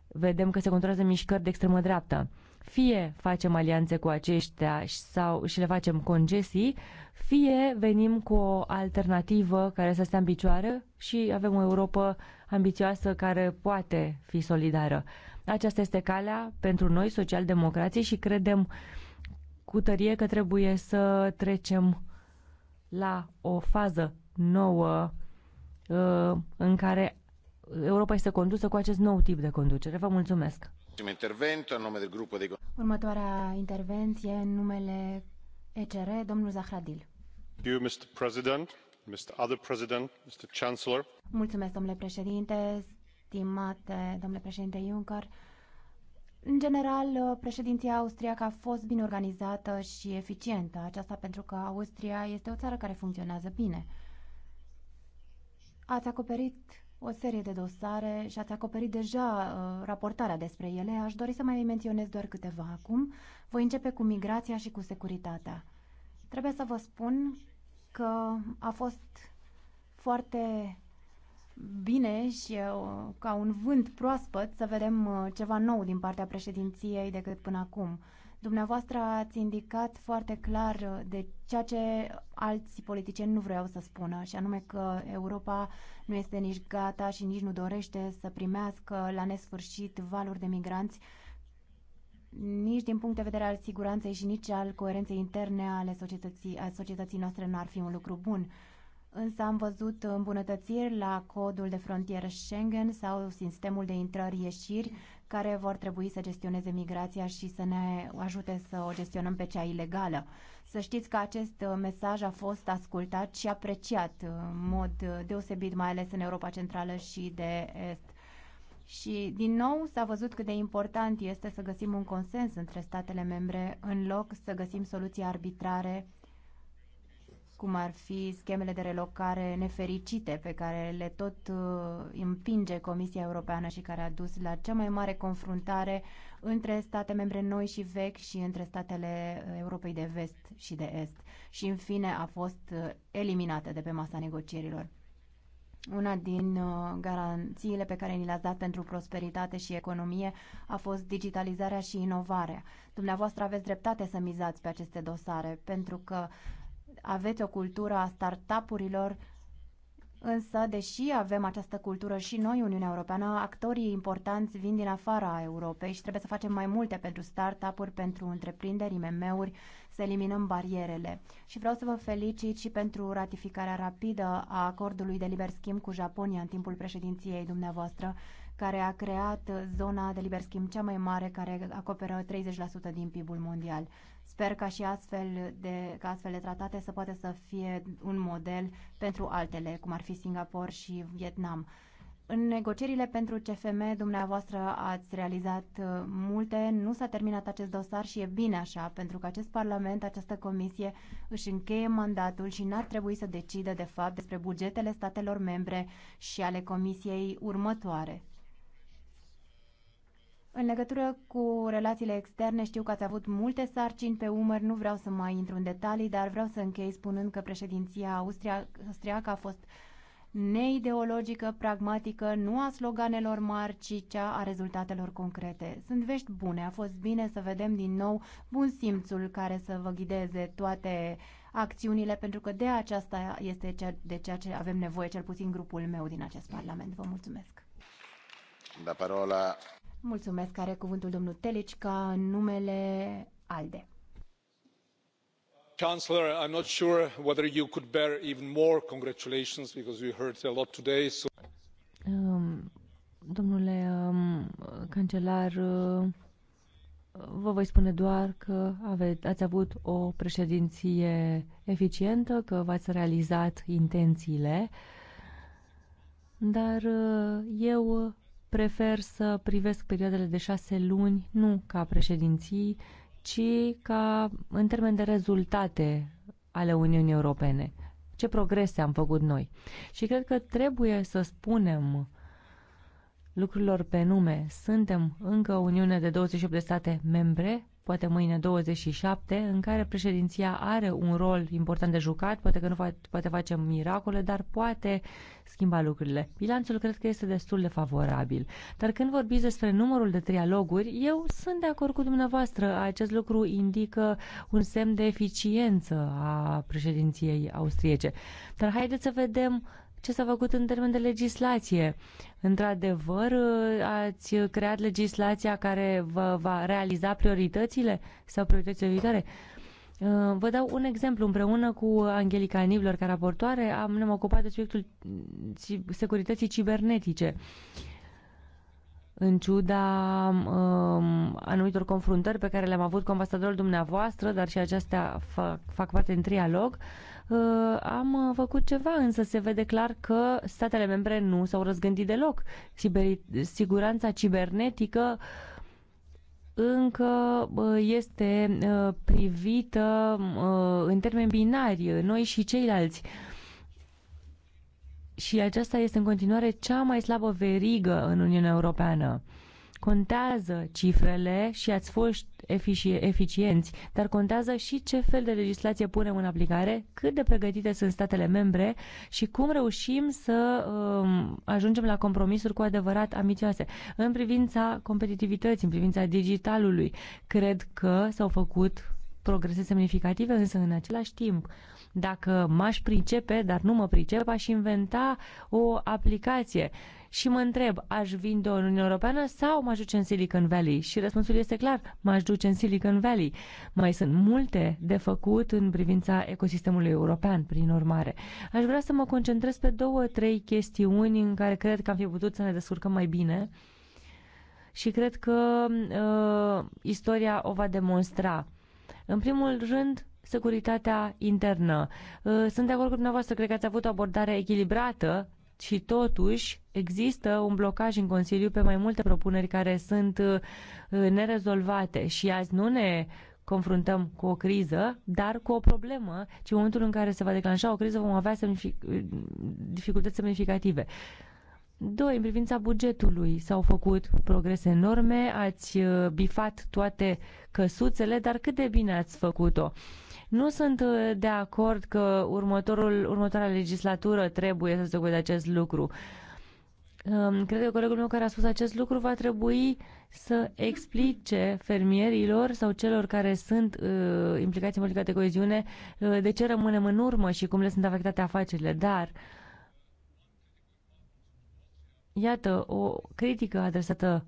vedem că se controlează mișcări de extremă dreaptă. Fie facem alianțe cu aceștia sau și le facem concesii, fie venim cu o alternativă care să stea în picioare și avem o Europa ambițioasă care poate fi solidară. Aceasta este calea pentru noi, socialdemocrații, și credem cu tărie că trebuie să trecem la o fază nouă uh, în care Europa este condusă cu acest nou tip de conducere. Vă mulțumesc. Următoarea intervenție în numele ECR, domnul Zahradil. Mr. President, Mr. Other President, Mr. Chancellor. Mulțumesc, domnule președinte, stimate domnule președinte Juncker. În general, președinția austriacă a fost bine organizată și eficientă, aceasta pentru că Austria este o țară care funcționează bine. Ați acoperit o serie de dosare și ați acoperit deja uh, raportarea despre ele. Aș dori să mai menționez doar câteva acum. Voi începe cu migrația și cu securitatea. Trebuie să vă spun că a fost foarte bine și uh, ca un vânt proaspăt să vedem uh, ceva nou din partea președinției decât până acum. Uh, Dumneavoastră ați indicat foarte clar uh, de ceea ce alți politicieni nu vreau să spună, și anume că Europa nu este nici gata și nici nu dorește să primească la nesfârșit valuri de migranți, nici din punct de vedere al siguranței și nici al coerenței interne ale societății, a societății noastre nu ar fi un lucru bun însă am văzut îmbunătățiri la codul de frontieră Schengen sau sistemul de intrări-ieșiri care vor trebui să gestioneze migrația și să ne ajute să o gestionăm pe cea ilegală. Să știți că acest mesaj a fost ascultat și apreciat în mod deosebit, mai ales în Europa Centrală și de Est. Și din nou s-a văzut cât de important este să găsim un consens între statele membre în loc să găsim soluții arbitrare cum ar fi schemele de relocare nefericite pe care le tot uh, împinge Comisia Europeană și care a dus la cea mai mare confruntare între state membre noi și vechi și între statele uh, Europei de vest și de est. Și în fine a fost uh, eliminată de pe masa negocierilor. Una din garanțiile pe care ni le-ați dat pentru prosperitate și economie a fost digitalizarea și inovarea. Dumneavoastră aveți dreptate să mizați pe aceste dosare, pentru că uh, aveți o cultură a startup-urilor, însă, deși avem această cultură și noi, Uniunea Europeană, actorii importanți vin din afara Europei și trebuie să facem mai multe pentru startup-uri, pentru întreprinderi, IMM-uri, să eliminăm barierele. Și vreau să vă felicit și pentru ratificarea rapidă a acordului de liber schimb cu Japonia în timpul președinției dumneavoastră, care a creat zona de liber schimb cea mai mare, care acoperă 30% din PIB-ul mondial. Sper ca și astfel de, ca astfel de tratate să poată să fie un model pentru altele, cum ar fi Singapore și Vietnam. În negocierile pentru CFM, dumneavoastră ați realizat uh, multe, nu s-a terminat acest dosar și e bine așa, pentru că acest Parlament, această comisie își încheie mandatul și n-ar trebui să decidă, de fapt, despre bugetele statelor membre și ale comisiei următoare. În legătură cu relațiile externe, știu că ați avut multe sarcini pe umăr, nu vreau să mai intru în detalii, dar vreau să închei spunând că președinția austria, austriacă a fost neideologică, pragmatică, nu a sloganelor mari, ci cea a rezultatelor concrete. Sunt vești bune, a fost bine să vedem din nou bun simțul care să vă ghideze toate acțiunile, pentru că de aceasta este cea, de ceea ce avem nevoie, cel puțin grupul meu din acest Parlament. Vă mulțumesc! La parola Mulțumesc, care cuvântul domnul Telicca în numele ALDE. Chancellor, I'm not sure whether you could bear even more congratulations because we heard a lot today. So... Um, domnule um, cancelar, uh, vă voi spune doar că ave- ați avut o președinție eficientă, că v-ați realizat intențiile, dar uh, eu prefer să privesc perioadele de șase luni nu ca președinții, ci ca în termen de rezultate ale Uniunii Europene. Ce progrese am făcut noi. Și cred că trebuie să spunem lucrurilor pe nume. Suntem încă Uniune de 28 de state membre poate mâine 27, în care președinția are un rol important de jucat, poate că nu fa- poate face miracole, dar poate schimba lucrurile. Bilanțul cred că este destul de favorabil. Dar când vorbiți despre numărul de trialoguri, eu sunt de acord cu dumneavoastră. Acest lucru indică un semn de eficiență a președinției austriece. Dar haideți să vedem ce s-a făcut în termen de legislație. Într-adevăr, ați creat legislația care vă va realiza prioritățile sau prioritățile viitoare? Uh, vă dau un exemplu. Împreună cu Angelica Nibler, ca raportoare, am, ne-am ocupat de subiectul securității cibernetice. În ciuda um, anumitor confruntări pe care le-am avut cu ambasadorul dumneavoastră, dar și acestea fac, fac parte în trialog, uh, Uh, am uh, făcut ceva, însă se vede clar că statele membre nu s-au răzgândit deloc. Siguranța cibernetică încă uh, este privită în termeni binari, noi și ceilalți. Și aceasta este în continuare cea mai slabă verigă în Uniunea Europeană. Contează cifrele și ați fost eficienți, dar contează și ce fel de legislație punem în aplicare, cât de pregătite sunt statele membre și cum reușim să um, ajungem la compromisuri cu adevărat amicioase. În privința competitivității, în privința digitalului, cred că s-au făcut progrese semnificative, însă în același timp, dacă m-aș pricepe, dar nu mă pricep, aș inventa o aplicație și mă întreb, aș vinde-o în Uniunea Europeană sau mă aș duce în Silicon Valley? Și răspunsul este clar, m-aș duce în Silicon Valley. Mai sunt multe de făcut în privința ecosistemului european, prin urmare. Aș vrea să mă concentrez pe două, trei chestiuni în care cred că am fi putut să ne descurcăm mai bine și cred că uh, istoria o va demonstra. În primul rând, securitatea internă. Uh, sunt de acord cu dumneavoastră, cred că ați avut o abordare echilibrată și totuși există un blocaj în Consiliu pe mai multe propuneri care sunt uh, nerezolvate și azi nu ne confruntăm cu o criză, dar cu o problemă, ci în momentul în care se va declanșa o criză vom avea semnific- uh, dificultăți semnificative. Doi, în privința bugetului s-au făcut progrese enorme, ați uh, bifat toate căsuțele, dar cât de bine ați făcut-o? Nu sunt uh, de acord că următorul, următoarea legislatură trebuie să se ocupe de acest lucru. Um, cred că colegul meu care a spus acest lucru va trebui să explice fermierilor sau celor care sunt uh, implicați în politica de coeziune de ce rămânem în urmă și cum le sunt afectate afacerile. Dar uh, Iată, o critică adresată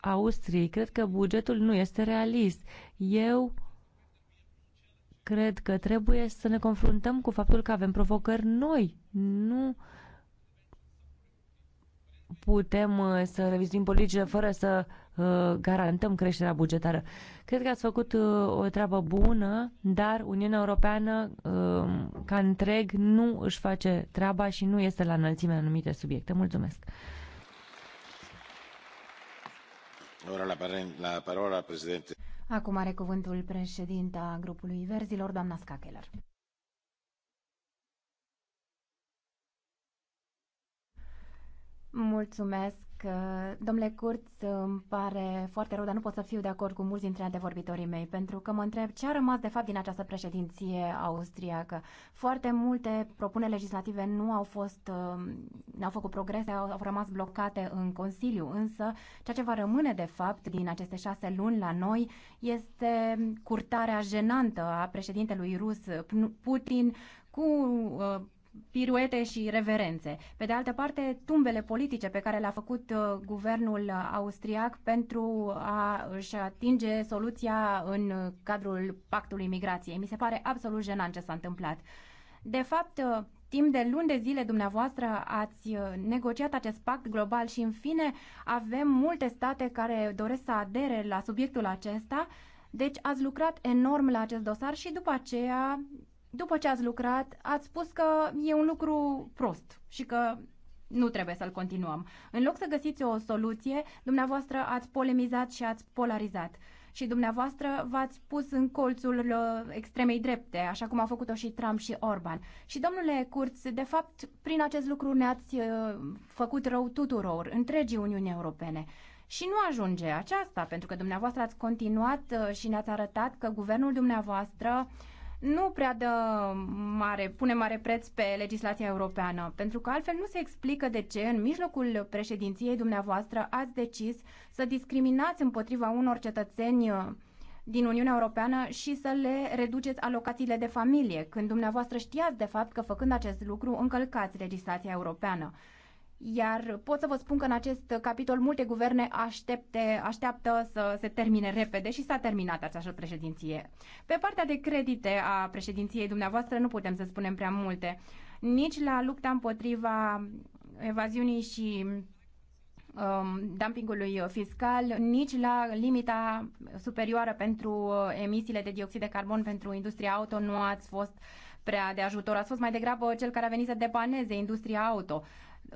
Austriei. Cred că bugetul nu este realist. Eu cred că trebuie să ne confruntăm cu faptul că avem provocări noi. Nu putem uh, să revizuim politicile fără să uh, garantăm creșterea bugetară. Cred că ați făcut uh, o treabă bună, dar Uniunea Europeană um, ca întreg nu își face treaba și nu este la înălțimea în anumite subiecte. Mulțumesc! Acum are cuvântul președinta grupului Verzilor, doamna Scacheler. Mulțumesc. Domnule Curț, îmi pare foarte rău, dar nu pot să fiu de acord cu mulți dintre antevorbitorii mei, pentru că mă întreb ce a rămas de fapt din această președinție austriacă. Foarte multe propuneri legislative nu au fost, um, nu au făcut progrese, au, au rămas blocate în Consiliu, însă ceea ce va rămâne de fapt din aceste șase luni la noi este curtarea jenantă a președintelui rus Putin cu uh, piruete și reverențe. Pe de altă parte, tumbele politice pe care le-a făcut uh, guvernul austriac pentru a își atinge soluția în cadrul pactului migrației. Mi se pare absolut jenant ce s-a întâmplat. De fapt, uh, timp de luni de zile dumneavoastră ați uh, negociat acest pact global și în fine avem multe state care doresc să adere la subiectul acesta. Deci ați lucrat enorm la acest dosar și după aceea după ce ați lucrat, ați spus că e un lucru prost și că nu trebuie să-l continuăm. În loc să găsiți o soluție, dumneavoastră ați polemizat și ați polarizat. Și dumneavoastră v-ați pus în colțul uh, extremei drepte, așa cum au făcut-o și Trump și Orban. Și domnule Curț, de fapt, prin acest lucru ne-ați uh, făcut rău tuturor, întregii Uniuni Europene. Și nu ajunge aceasta, pentru că dumneavoastră ați continuat uh, și ne-ați arătat că guvernul dumneavoastră uh, nu prea dă mare, pune mare preț pe legislația europeană, pentru că altfel nu se explică de ce în mijlocul președinției dumneavoastră ați decis să discriminați împotriva unor cetățeni uh, din Uniunea Europeană și să le reduceți alocațiile de familie, când dumneavoastră știați de fapt că făcând acest lucru încălcați legislația europeană. Iar pot să vă spun că în acest capitol multe guverne aștepte, așteaptă să se termine repede și s-a terminat această președinție. Pe partea de credite a președinției dumneavoastră nu putem să spunem prea multe. Nici la lupta împotriva evaziunii și um, dumpingului fiscal, nici la limita superioară pentru uh, emisiile de dioxid de carbon pentru industria auto nu ați fost prea de ajutor. Ați fost mai degrabă cel care a venit să depaneze industria auto.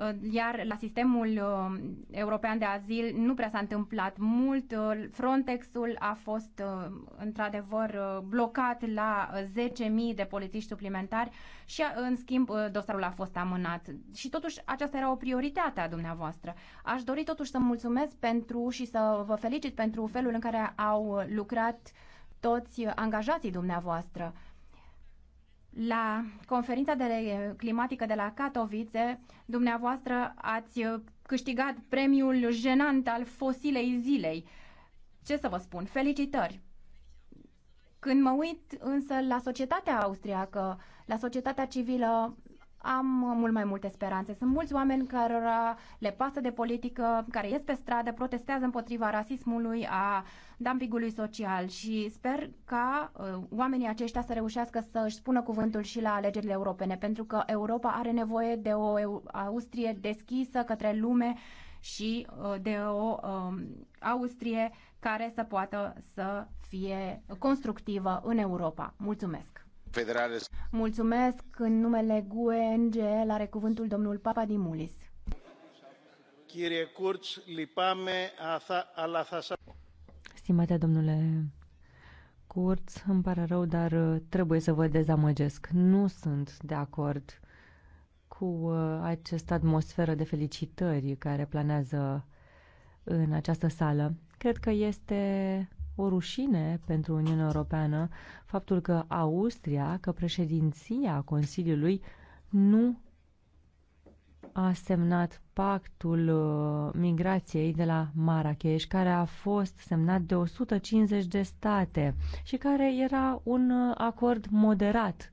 Uh, iar la sistemul uh, european de azil nu prea s-a întâmplat mult. Uh, Frontexul a fost într-adevăr blocat la 10.000 de polițiști suplimentari și în schimb dosarul a fost amânat. Și totuși aceasta era o prioritate a dumneavoastră. Aș dori totuși să mulțumesc pentru și să vă felicit pentru felul în care au lucrat toți angajații dumneavoastră la conferința de climatică de la Katowice, dumneavoastră ați uh, câștigat premiul jenant al fosilei zilei. Ce să vă spun? Felicitări! Când mă uit însă la societatea austriacă, la societatea civilă am uh, mult mai multe speranțe. Sunt mulți oameni care le pasă de politică, care ies pe stradă, protestează împotriva rasismului, a dumpingului social și sper ca uh, oamenii aceștia să reușească să își spună cuvântul și la alegerile europene, pentru că Europa are nevoie de o Austrie deschisă către lume și uh, de o uh, Austrie care să poată să fie constructivă în Europa. Mulțumesc! federale. Mulțumesc. În numele GUE NGL are cuvântul domnul Papa Dimulis. Chirie Curț, lipame, ala Stimate domnule Curț, îmi pare rău, dar uh, trebuie să vă dezamăgesc. Nu sunt de acord cu uh, această atmosferă de felicitări care planează în această sală. Cred că este o rușine pentru Uniunea Europeană faptul că Austria, că președinția Consiliului nu a semnat pactul uh, migrației de la Marrakesh, care a fost semnat de 150 de state și care era un uh, acord moderat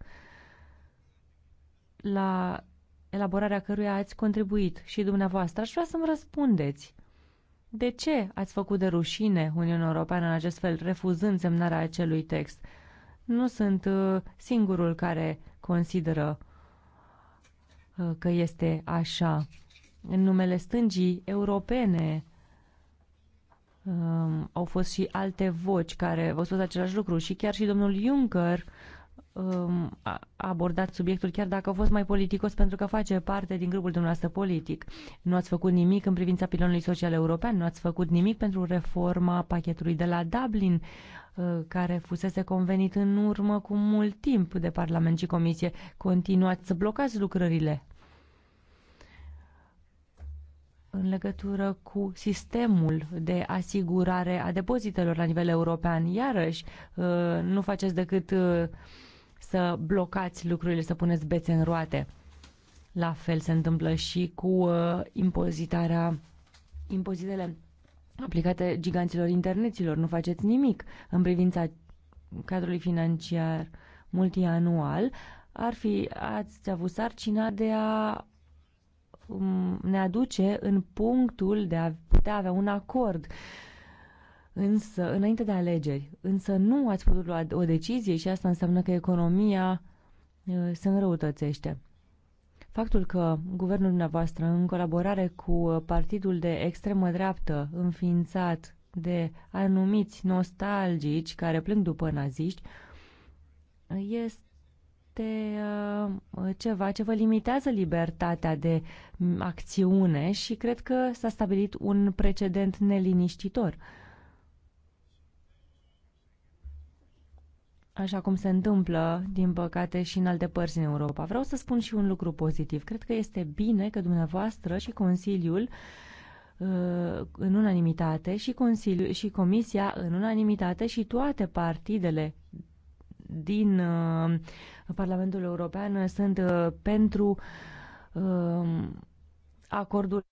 la elaborarea căruia ați contribuit și dumneavoastră. Aș vrea să-mi răspundeți de ce ați făcut de rușine Uniunea Europeană în acest fel, refuzând semnarea acelui text? Nu sunt uh, singurul care consideră uh, că este așa. În numele stângii europene um, au fost și alte voci care au spus același lucru și chiar și domnul Juncker um, abordat subiectul, chiar dacă a fost mai politicos, pentru că face parte din grupul dumneavoastră politic. Nu ați făcut nimic în privința pilonului social european, nu ați făcut nimic pentru reforma pachetului de la Dublin, uh, care fusese convenit în urmă cu mult timp de Parlament și Comisie. Continuați să blocați lucrările în legătură cu sistemul de asigurare a depozitelor la nivel european. Iarăși, uh, nu faceți decât uh, să blocați lucrurile, să puneți bețe în roate. La fel se întâmplă și cu uh, impozitarea, impozitele aplicate giganților interneților. Nu faceți nimic în privința cadrului financiar multianual. Ar fi, ați avut sarcina de a um, ne aduce în punctul de a putea avea un acord uh, însă, înainte de alegeri, însă nu ați putut lua o decizie și asta înseamnă că economia uh, se înrăutățește. Faptul că guvernul dumneavoastră, în colaborare cu uh, partidul de extremă dreaptă înființat de anumiți nostalgici care plâng după naziști, este uh, ceva ce vă limitează libertatea de acțiune și cred că s-a stabilit un precedent neliniștitor. așa cum se întâmplă, din păcate, și în alte părți în Europa. Vreau să spun și un lucru pozitiv. Cred că este bine că dumneavoastră și Consiliul uh, în unanimitate și, Consiliul, și Comisia în unanimitate și toate partidele din uh, Parlamentul European sunt uh, pentru acordul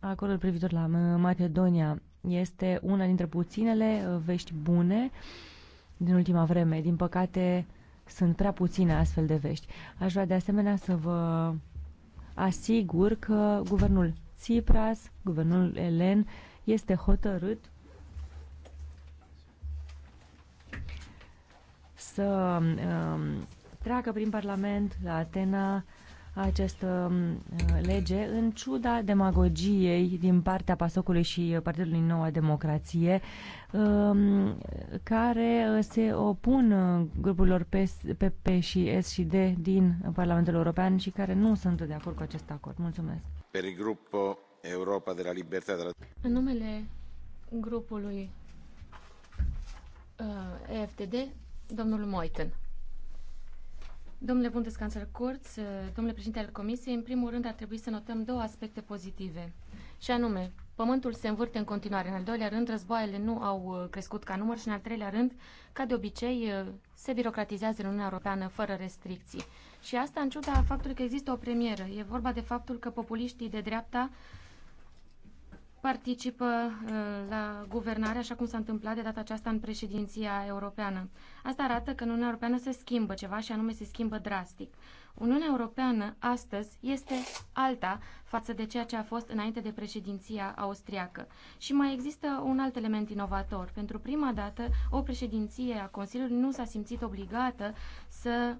acordul privitor la Macedonia este una dintre puținele uh, vești bune din ultima vreme. Din păcate, sunt prea puține astfel de vești. Aș vrea de asemenea să vă asigur că guvernul Tsipras, guvernul Elen, este hotărât să um, treacă prin Parlament la Atena această um, lege, în ciuda demagogiei din partea Pasocului și Partidului Noua Democrație, um, care se opun grupurilor PP și S și D din Parlamentul European și care nu sunt de acord cu acest acord. Mulțumesc. Per il Europa de la Libertate. În numele grupului uh, EFTD, domnul Moiten. Domnule Bundescanțler Curț, eh, domnule președinte al Comisiei, în primul rând ar trebui să notăm două aspecte pozitive. Și anume, pământul se învârte în continuare. În al doilea rând, războaiele nu au eh, crescut ca număr și în al treilea rând, ca de obicei, eh, se birocratizează în Uniunea Europeană fără restricții. Și asta în ciuda faptului că există o premieră. E vorba de faptul că populiștii de dreapta participă uh, la guvernare, așa cum s-a întâmplat de data aceasta în președinția europeană. Asta arată că în Uniunea Europeană se schimbă ceva și anume se schimbă drastic. Uniunea Europeană astăzi este alta față de ceea ce a fost înainte de președinția austriacă. Și mai există un alt element inovator. Pentru prima dată, o președinție a Consiliului nu s-a simțit obligată să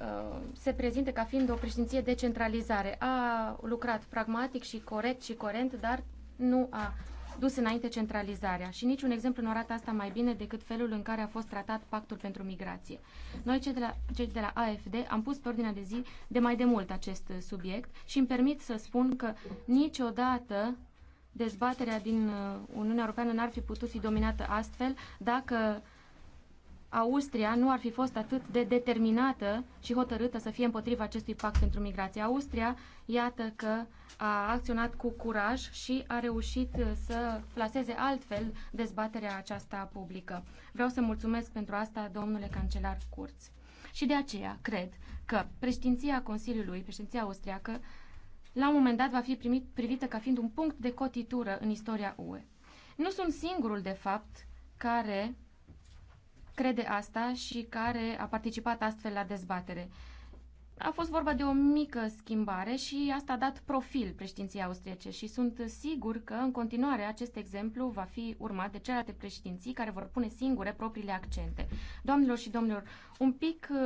Uh, se prezinte ca fiind o președinție decentralizare. A lucrat pragmatic și corect și corent, dar nu a dus înainte centralizarea și niciun exemplu nu arată asta mai bine decât felul în care a fost tratat pactul pentru migrație. Noi, cei de la, cei de la AFD, am pus pe ordinea de zi de mai de mult acest subiect și îmi permit să spun că niciodată dezbaterea din uh, Uniunea Europeană n-ar fi putut fi dominată astfel dacă Austria nu ar fi fost atât de determinată și hotărâtă să fie împotriva acestui pact pentru migrație. Austria, iată că a acționat cu curaj și a reușit uh, să plaseze altfel dezbaterea aceasta publică. Vreau să mulțumesc pentru asta, domnule cancelar Curț. Și de aceea cred că președinția Consiliului, președinția austriacă, la un moment dat va fi primit, privită ca fiind un punct de cotitură în istoria UE. Nu sunt singurul, de fapt, care crede asta și care a participat astfel la dezbatere. A fost vorba de o mică schimbare și asta a dat profil președinției austriece și sunt sigur că în continuare acest exemplu va fi urmat de celelalte președinții care vor pune singure propriile accente. Doamnelor și domnilor, un pic uh,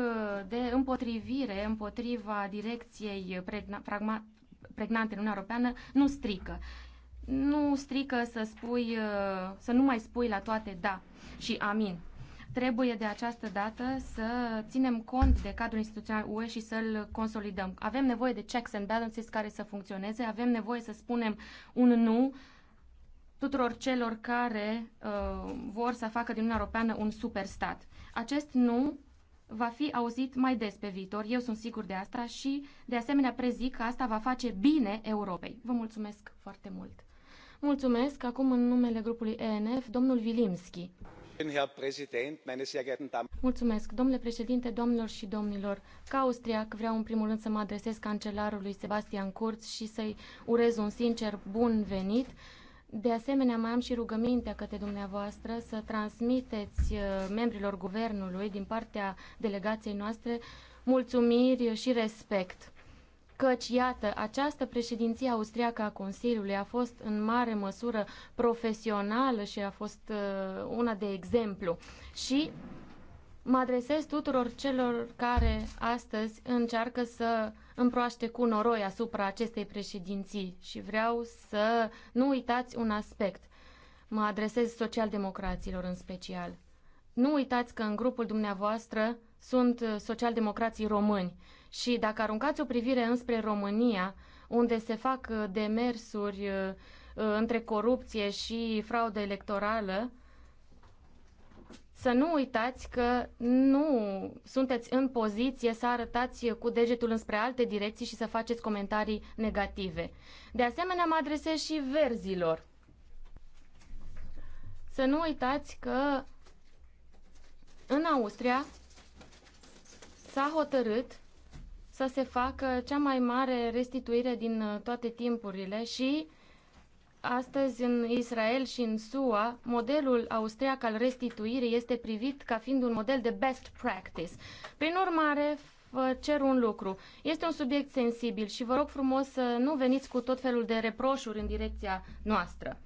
de împotrivire împotriva direcției pregna- pregnante în Uniunea Europeană nu strică nu strică să spui, uh, să nu mai spui la toate da și amin. Trebuie de această dată să ținem cont de cadrul instituțional UE și să-l consolidăm. Avem nevoie de checks and balances care să funcționeze, avem nevoie să spunem un nu tuturor celor care uh, vor să facă din Uniunea Europeană un superstat. Acest nu va fi auzit mai des pe viitor, eu sunt sigur de asta și de asemenea prezic că asta va face bine Europei. Vă mulțumesc foarte mult! Mulțumesc! Acum în numele grupului ENF, domnul Vilimski. Mulțumesc, domnule președinte, domnilor și domnilor. Ca austriac vreau în primul rând să mă adresez cancelarului Sebastian Kurz și să-i urez un sincer bun venit. De asemenea, mai am și rugămintea către dumneavoastră să transmiteți uh, membrilor guvernului din partea delegației noastre mulțumiri și respect căci, iată, această președinție austriacă a Consiliului a fost în mare măsură profesională și a fost uh, una de exemplu. Și mă adresez tuturor celor care astăzi încearcă să împroaște cu noroi asupra acestei președinții și vreau să nu uitați un aspect. Mă adresez socialdemocraților în special. Nu uitați că în grupul dumneavoastră sunt uh, socialdemocrații români și dacă aruncați o privire înspre România, unde se fac uh, demersuri uh, uh, între corupție și fraudă electorală, să nu uitați că nu sunteți în poziție să arătați cu degetul înspre alte direcții și să faceți comentarii negative. De asemenea, mă adresez și verzilor. Să nu uitați că în Austria s-a hotărât să se facă cea mai mare restituire din uh, toate timpurile și astăzi în Israel și în SUA, modelul austriac al restituirii este privit ca fiind un model de best practice. Prin urmare, vă cer un lucru. Este un subiect sensibil și vă rog frumos să nu veniți cu tot felul de reproșuri în direcția noastră.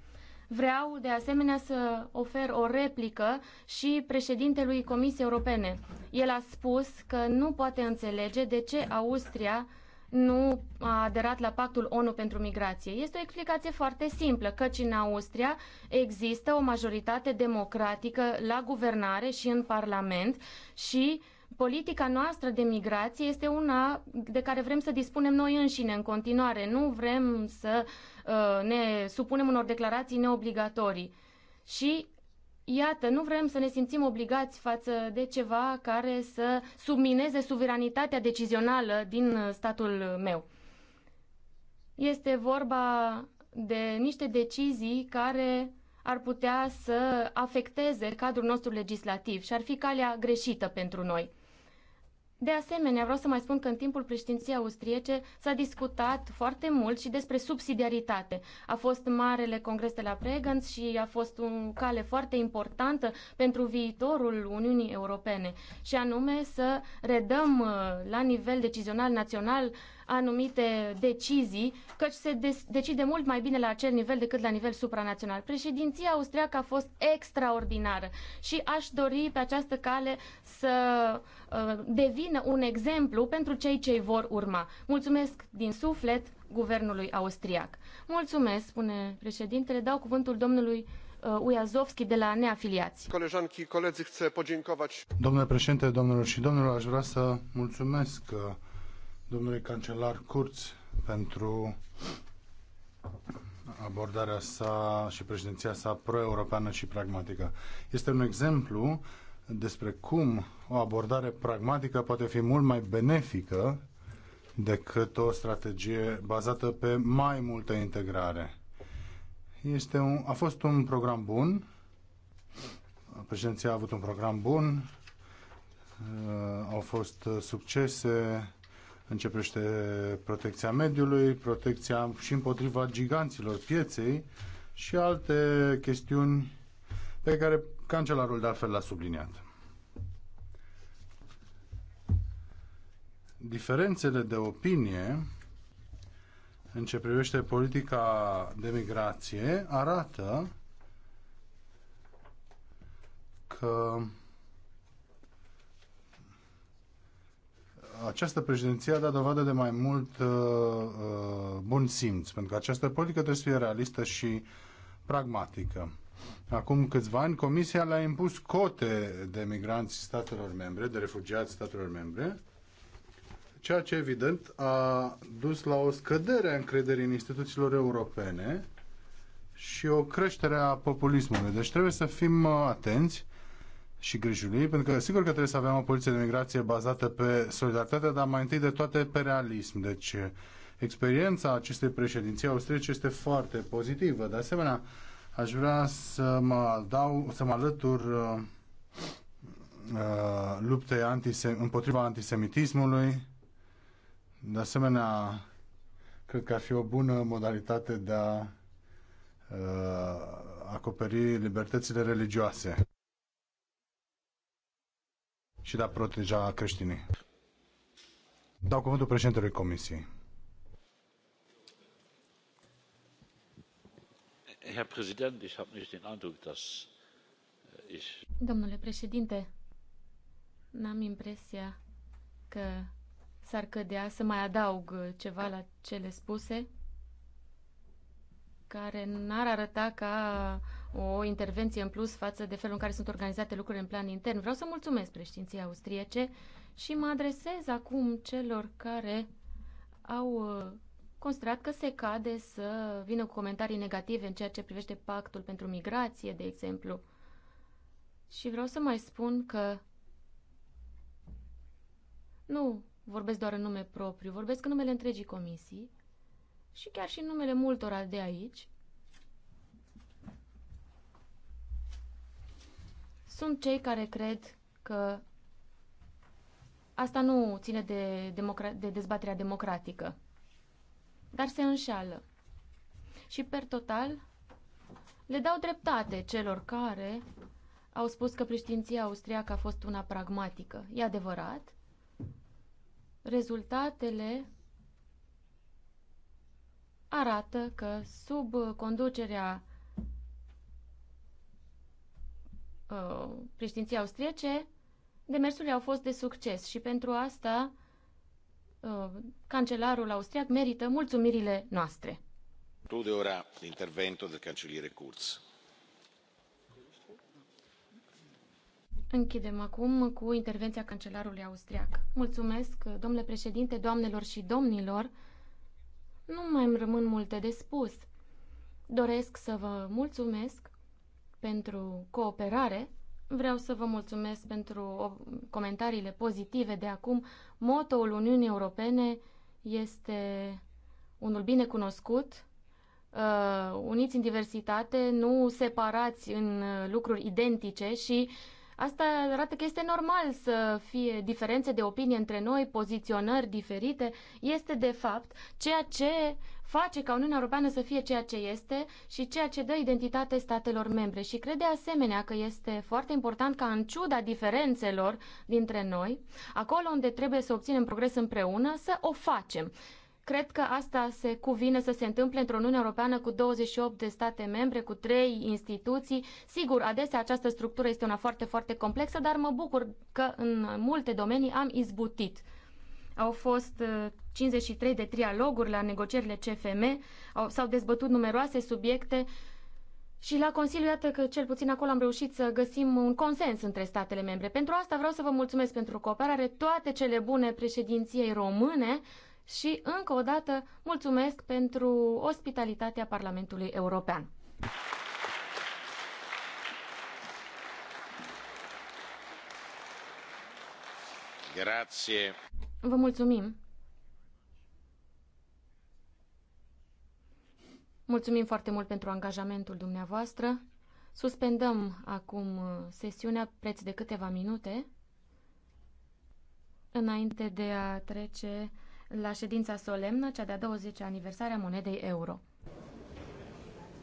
Vreau de asemenea să ofer o replică și președintelui Comisiei Europene. El a spus că nu poate înțelege de ce Austria nu a aderat la pactul ONU pentru migrație. Este o explicație foarte simplă, căci în Austria există o majoritate democratică la guvernare și în Parlament și politica noastră de migrație este una de care vrem să dispunem noi înșine în continuare. Nu vrem să uh, Uh, ne supunem unor declarații neobligatorii. Și Iată, nu vrem să ne simțim obligați față de ceva care să submineze suveranitatea decizională din uh, statul meu. Este vorba de niște decizii care ar putea să afecteze cadrul nostru legislativ și ar fi calea greșită pentru noi. De asemenea, vreau să mai spun că în timpul președinției austriece s-a discutat foarte mult și despre subsidiaritate. A fost marele congres de la Pregans și a fost o cale foarte importantă pentru viitorul Uniunii Europene, și anume să redăm uh, la nivel decizional național anumite decizii, căci se decide mult mai bine la acel nivel decât la nivel supranațional. Președinția austriacă a fost extraordinară și aș dori pe această cale să uh, devină un exemplu pentru cei ce vor urma. Mulțumesc din suflet guvernului austriac. Mulțumesc, spune președintele, dau cuvântul domnului Ujazovski uh, de la neafiliați. colegi, i Domnule președinte, domnilor și domnilor, aș vrea să mulțumesc uh, domnului cancelar Kurz pentru abordarea sa și președinția sa pro-europeană și pragmatică. Este un exemplu despre cum o abordare pragmatică poate fi mult mai benefică decât o strategie bazată pe mai multă integrare. Este un, a fost un program bun, președinția a avut un program bun, uh, au fost succese, Începește protecția mediului, protecția și împotriva giganților pieței și alte chestiuni pe care cancelarul de altfel l-a subliniat. Diferențele de opinie în ce privește politica de migrație arată că această președinție a dat dovadă de mai mult uh, uh, bun simț, pentru că această politică trebuie să fie realistă și pragmatică. Acum câțiva ani, Comisia le-a impus cote de migranți statelor membre, de refugiați statelor membre, ceea ce evident a dus la o scădere a încrederii în instituțiilor europene și o creștere a populismului. Deci trebuie să fim uh, atenți și grijului, pentru că sigur că trebuie să avem o poliție de migrație bazată pe solidaritate, dar mai întâi de toate pe realism. Deci experiența acestei președinții austriece este foarte pozitivă. De asemenea, aș vrea să mă, dau, să mă alătur uh, uh, luptei antise- împotriva antisemitismului. De asemenea, cred că ar fi o bună modalitate de a uh, acoperi libertățile religioase și de a proteja creștinii. Dau cuvântul președintelui Comisiei. Äh, Domnule președinte, n-am impresia că s-ar cădea să mai adaug ceva la cele spuse, care n-ar arăta ca o intervenție în plus față de felul în care sunt organizate lucrurile în plan intern. Vreau să mulțumesc președinției austriece și mă adresez acum celor care au uh, considerat că se cade să vină cu comentarii negative în ceea ce privește pactul pentru migrație, de exemplu. Și vreau să mai spun că nu vorbesc doar în nume propriu, vorbesc în numele întregii comisii și chiar și în numele multora de aici, sunt cei care cred că asta nu ține de, democra- de dezbaterea democratică, dar se înșeală. Și, per total, le dau dreptate celor care au spus că preștinția austriacă a fost una pragmatică. E adevărat. Rezultatele arată că sub conducerea uh, austriece, demersurile au fost de succes și pentru asta uh, cancelarul austriac merită mulțumirile noastre. Include ora interventul del cancelliere Kurz. Închidem acum cu intervenția cancelarului austriac. Mulțumesc, domnule președinte, doamnelor și domnilor. Nu mai îmi rămân multe de spus. Doresc să vă mulțumesc pentru cooperare. Vreau să vă mulțumesc pentru comentariile pozitive de acum. Motoul Uniunii Europene este unul bine cunoscut. Uh, uniți în diversitate, nu separați în uh, lucruri identice și uh, Asta arată că este normal să fie diferențe de opinie între noi, poziționări diferite. Este, de fapt, ceea ce face ca Uniunea Europeană să fie ceea ce este și ceea ce dă identitate statelor membre. Și crede asemenea că este foarte important ca, în ciuda diferențelor dintre noi, acolo unde trebuie să obținem progres împreună, să o facem. Cred că asta se cuvine să se întâmple într-o Uniune Europeană cu 28 de state membre, cu trei instituții. Sigur, adesea această structură este una foarte, foarte complexă, dar mă bucur că în multe domenii am izbutit. Au fost 53 uh, de trialoguri la negocierile CFM, s-au dezbătut numeroase subiecte și la Consiliu, iată că cel puțin acolo am reușit să găsim un consens între statele membre. Pentru asta vreau să vă mulțumesc pentru cooperare, toate cele bune președinției române, și, încă o dată, mulțumesc pentru ospitalitatea Parlamentului European. Grazie. Vă mulțumim. Mulțumim foarte mult pentru angajamentul dumneavoastră. Suspendăm acum sesiunea preț de câteva minute înainte de a trece la ședința solemnă, cea de-a 20-a aniversare a monedei euro.